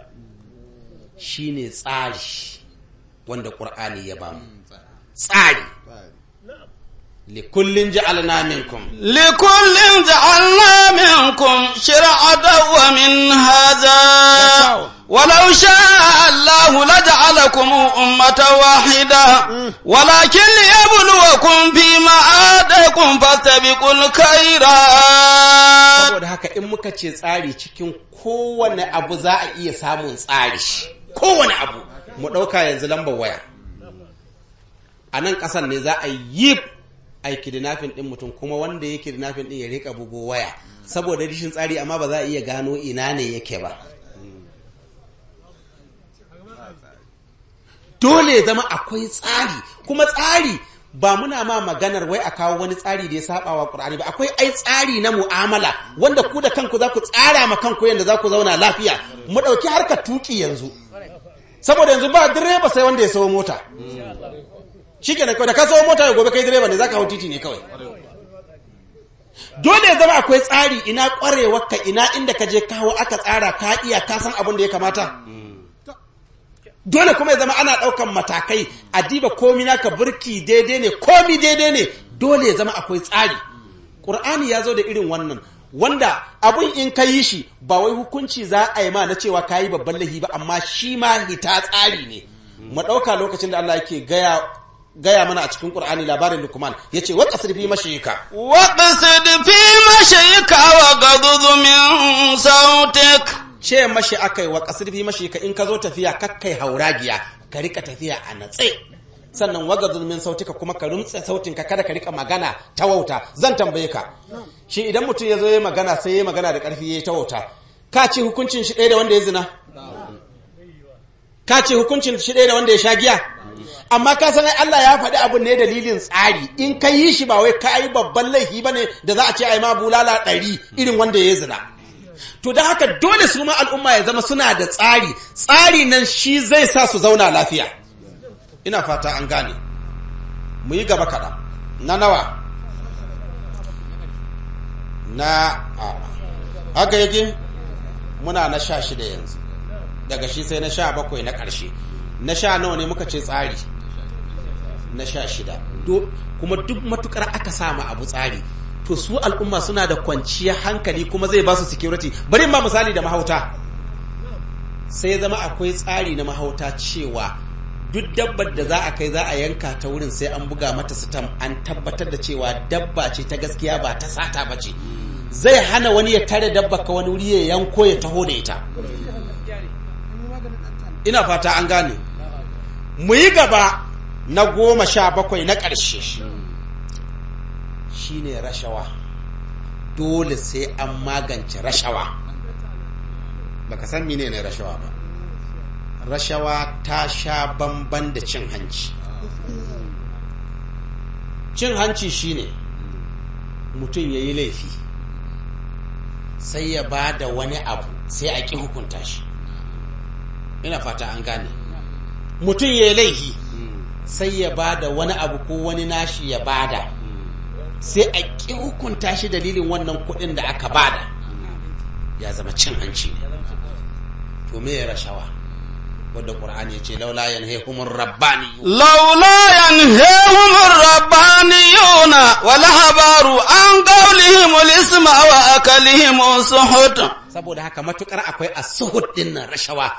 shi ne tsari wanda ƙur'ani ya bamu tsari likullin ja'alna minkum likullin ja'alna minkum shir'a dawwa min hadha ولو شاء الله لجعلكم أمة واحدة ولكن ليبلوكم فيما آتاكم فاستبقوا الخيرات saboda haka in muka ce tsari cikin kowane abu za a iya samun tsari kowane abu mu ɗauka yanzu lambar waya a nan ƙasar ne za a yi a yi kidnapping ɗin mutum kuma wanda ya kidnapping ɗin ya rika bugo waya saboda rishin tsari amma ba za a iya gano ina ne yake ba dole zama akwai tsari kuma tsari ba muna ma maganar wai a kawo wani tsari da ya saba wa Qur'ani ba akwai ai tsari na mu'amala wanda ku da kanku za ku tsara ma kanku yadda za ku zauna lafiya mu ɗauki harkar tuki yanzu saboda yanzu ba direba sai wanda ya sayo mota shikenan kawai da ka sawo mota gobe kai direba ne zaka hau titi ne kawai dole ya zama akwai tsari ina ka ina inda ka je kawo aka tsara ka iya ka san abin da ya kamata dole kuma ya zama ana daukan matakai a diba komi naka burki daidai ne komi daidai ne dole ya zama akwai tsari ƙur'ani ya zo da irin wannan wanda abin in ka yi shi ba wai hukunci za a yi ma na cewa ka yi babban lahi ba amma shi ma hita tsari ne mu ɗauka lokacin da Allah yake gaya gaya mana a cikin ƙur'ani labarin Luqman ya mashi qasir fi mashayika wa qasir mashayika wa gadud min sautik ce mashi akai wa qasir fi mashayika in ka zo tafiya kakkai hauragiya ka rika tafiya a natse sannan waga zulmin sautika kuma ka rumtsa sautinka kada ka rika magana ta wauta zan tambaye ka shi idan mutum ya zo ya magana sai ya magana da ƙarfi ya ta wauta ka ci hukuncin shi ɗaya da wanda ya zina ka ce hukuncin shi ɗaya da wanda ya sha giya amma ka san Allah ya faɗi abu ne dalilin tsari in ka yi shi ba wai ka yi babban laifi ba ne da za a ce ai ma bulala ɗari irin wanda ya zina to da haka dole su al'umma ya zama suna da tsari tsari nan shi zai sa su zauna lafiya ina fata an gane mu yi gaba kaɗan na nawa na haka yake muna na sha shida yanzu daga shi sai na sha bakwai na ƙarshe na sha nawa ne muka ce tsari na sha shida kuma duk matukar aka samu abu tsari to su al'umma suna da kwanciyar hankali kuma zai ba su security bari ma misali da mahauta sai zama akwai tsari na mahauta cewa duk dabbar da za a kai za a yanka ta wurin sai an buga mata sitam an tabbatar da cewa dabba ce ta gaskiya ba ta sata ba ce zai hana wani ya tare dabba ka wani wuri ya yanko ya taho da ita ina fata an gane mu yi gaba na goma sha bakwai na ƙarshe shine rashawa dole sai an magance rashawa baka san mine ne rashawa ba rashawa ta sha bamban da cin hanci cin hanci shine mutum ya yi laifi sai ya ba da wani abu sai a ƙi hukunta shi ina fata an gane mutum ya laihi sai ya bada wani abu ko wani nashi ya bada sai a ƙi hukunta shi dalilin wannan kuɗin da aka bada ya zama cin hanci ne to me ya rashawa wadda ƙur'ani ya ce laula yanhehumur rabbani laula yanhehumur rabbani yuna wa lahabaru an qawlihim isma wa akalihim suhut saboda haka matukar akwai as-suhut din rashawa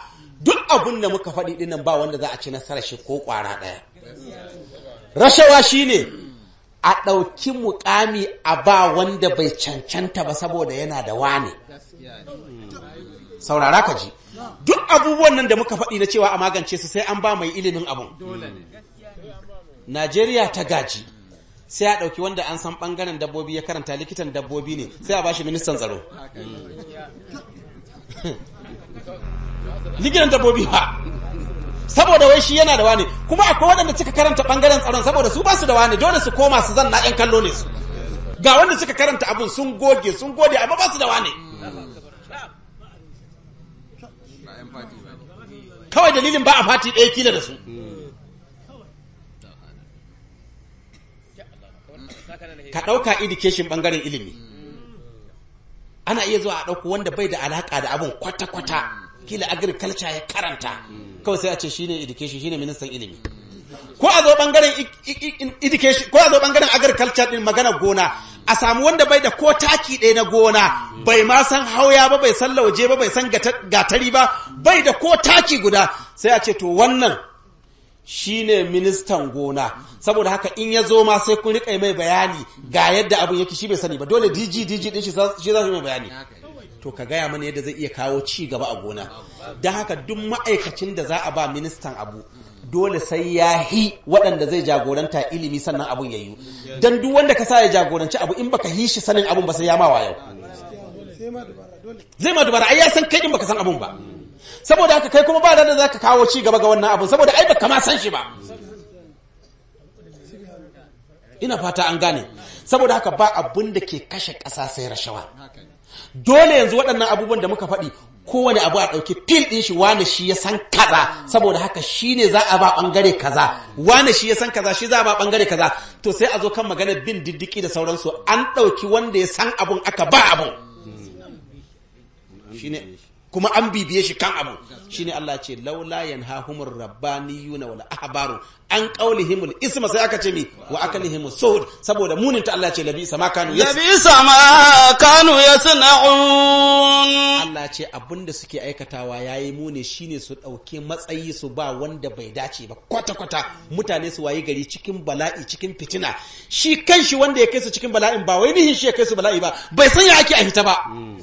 duk abin da muka faɗi ɗinan ba wanda za a ci nasarar shi ko ƙwara ɗaya rashawa shi ne, a ɗauki mukami a ba wanda bai cancanta ba saboda yana da wane saurara ka ji duk abubuwan nan da muka faɗi na cewa a magance su sai an ba mai ilimin abun Najeriya ta gaji sai a ɗauki wanda an san ɓangaren dabbobi ya karanta likitan dabbobi ne sai a ba shi ministan tsaro likitan dabbobi ba saboda wai shi yana da wani kuma akwai waɗanda suka karanta ɓangaren tsaron saboda su ba su da wani dole su koma su zanna ƴan kallo ne su ga wanda suka karanta abin sun goge sun gode amma ba su da wani kawai dalilin ba a fati ɗaya kila da su ka ɗauka education ɓangaren ilimi ana iya zuwa a ɗauko wanda bai da alaƙa da abun kwata-kwata kila agriculture ya karanta kawai sai a ce shine education shine ministan ilimi ko a zo bangaren education ko a agriculture din magana gona a samu wanda bai da ko taki ɗaya na gona bai ma san hauya ba bai san lauje ba bai san gatari ba bai da ko taki guda sai a ce to wannan shine ministan gona saboda haka in ya zo ma sai kun rika mai bayani ga yadda abin yake shi bai sani ba dole DG DG din shi shi za su mai bayani to ka gaya mana yadda zai iya kawo ci gaba a gona don haka duk ma'aikacin da za a ba ministan abu dole sai ya hi waɗanda zai jagoranta ilimi sannan abun ya yi don duk wanda ka sa ya jagoranci abu in baka hi shi sanin abun ba sai ya ma yau zai ma dubara ai ya san kai in baka san abun ba saboda haka kai kuma ba da za ka kawo ci gaba ga wannan abin saboda ai baka ma san shi ba ina fata an gane saboda haka ba abun da ke kashe ƙasa sai rashawa dole yanzu waɗannan abubuwan da muka faɗi kowane abu a ɗauki fil ɗin shi wane shi ya san kaza saboda haka shi ne za a ba ɓangare kaza wane shi ya san kaza shi za a ba ɓangare kaza to sai a zo kan magana bin diddiki da sauransu an ɗauki wanda ya san abun aka ba abun kuma an bibiye shi kan abu shine Allah ce laula yanhahumur rabbaniyuna wal ahbaru an qawlihimul isma sai aka ce mi wa akalihimus suhud saboda munin ta Allah ce labi sama kanu yas labi sama kanu yasnaun Allah ce abinda suke aikatawa yayi mune shine su dauke matsayi su ba wanda bai dace ba kwata kwata mutane su waye gari cikin bala'i cikin fitina shi kanshi wanda ya kai su cikin bala'in ba wai nihin shi ya kai su bala'i ba bai san ya ake a hita ba hmm.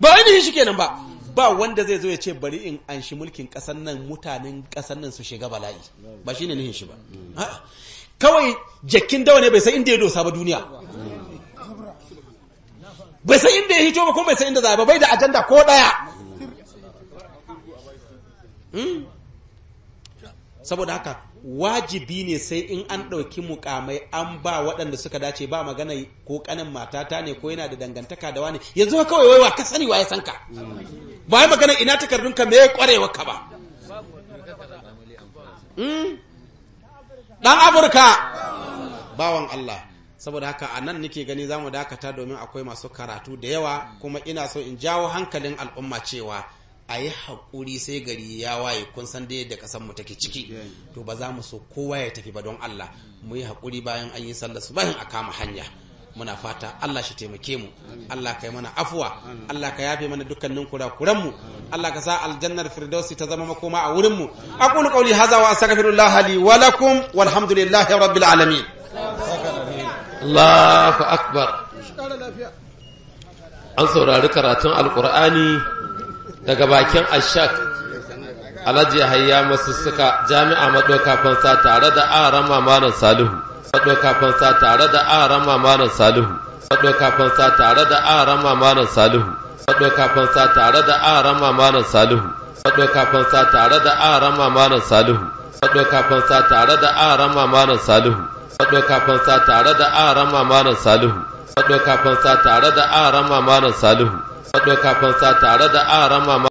ba ainihin shi kenan ba ba wanda zai zo ya ce bari in an shi mulkin ƙasar nan mutanen ƙasar nan su shiga bala'i ba shi ne nihin shi ba kawai jakin dawa ne bai san inda ya dosa ba duniya bai san inda ya hito ba kuma bai san inda za ba bai da ajanda ko ɗaya hmm? saboda haka wajibi ne sai in an ɗauki mukamai an ba waɗanda suka dace ba magana ko kanin matata ne ko yana da dangantaka da wani yanzu kawai wa ka sani wa ya san ka ba ya magana ina takardunka me kwarewa ka ba dan hmm? afirka bawan Allah saboda haka a nan nake gani za mu dakata domin akwai masu karatu da yawa kuma ina so in jawo hankalin al'umma cewa a yi haƙuri sai gari ya waye kun san dai da mu take ciki to ba za mu so kowa ya tafi ba don Allah mu yi haƙuri bayan an yi sallar su bayan a kama hanya muna fata Allah shi taimake mu Allah ka yi mana afuwa Allah ka yafe mana dukkanin kurakuran mu Allah ka sa aljannar firdausi ta zama makoma a wurin mu aqulu qawli hadha wa astaghfirullah li wa lakum walhamdulillahi rabbil alamin Allahu akbar an saurari karatun alqur'ani daga bakin ashak alhaji hayya Suka jami'a maɗauka fansa tare da arama malam salihu maɗauka fansa tare da arama malam salihu maɗauka fansa tare da arama malam salihu maɗauka fansa tare da arama malam salihu maɗauka fansa tare da arama malam salihu maɗauka fansa tare da arama malam salihu maɗauka fansa tare da arama malam salihu maɗauka fansa tare da arama malam salihu kafin sa tare da arama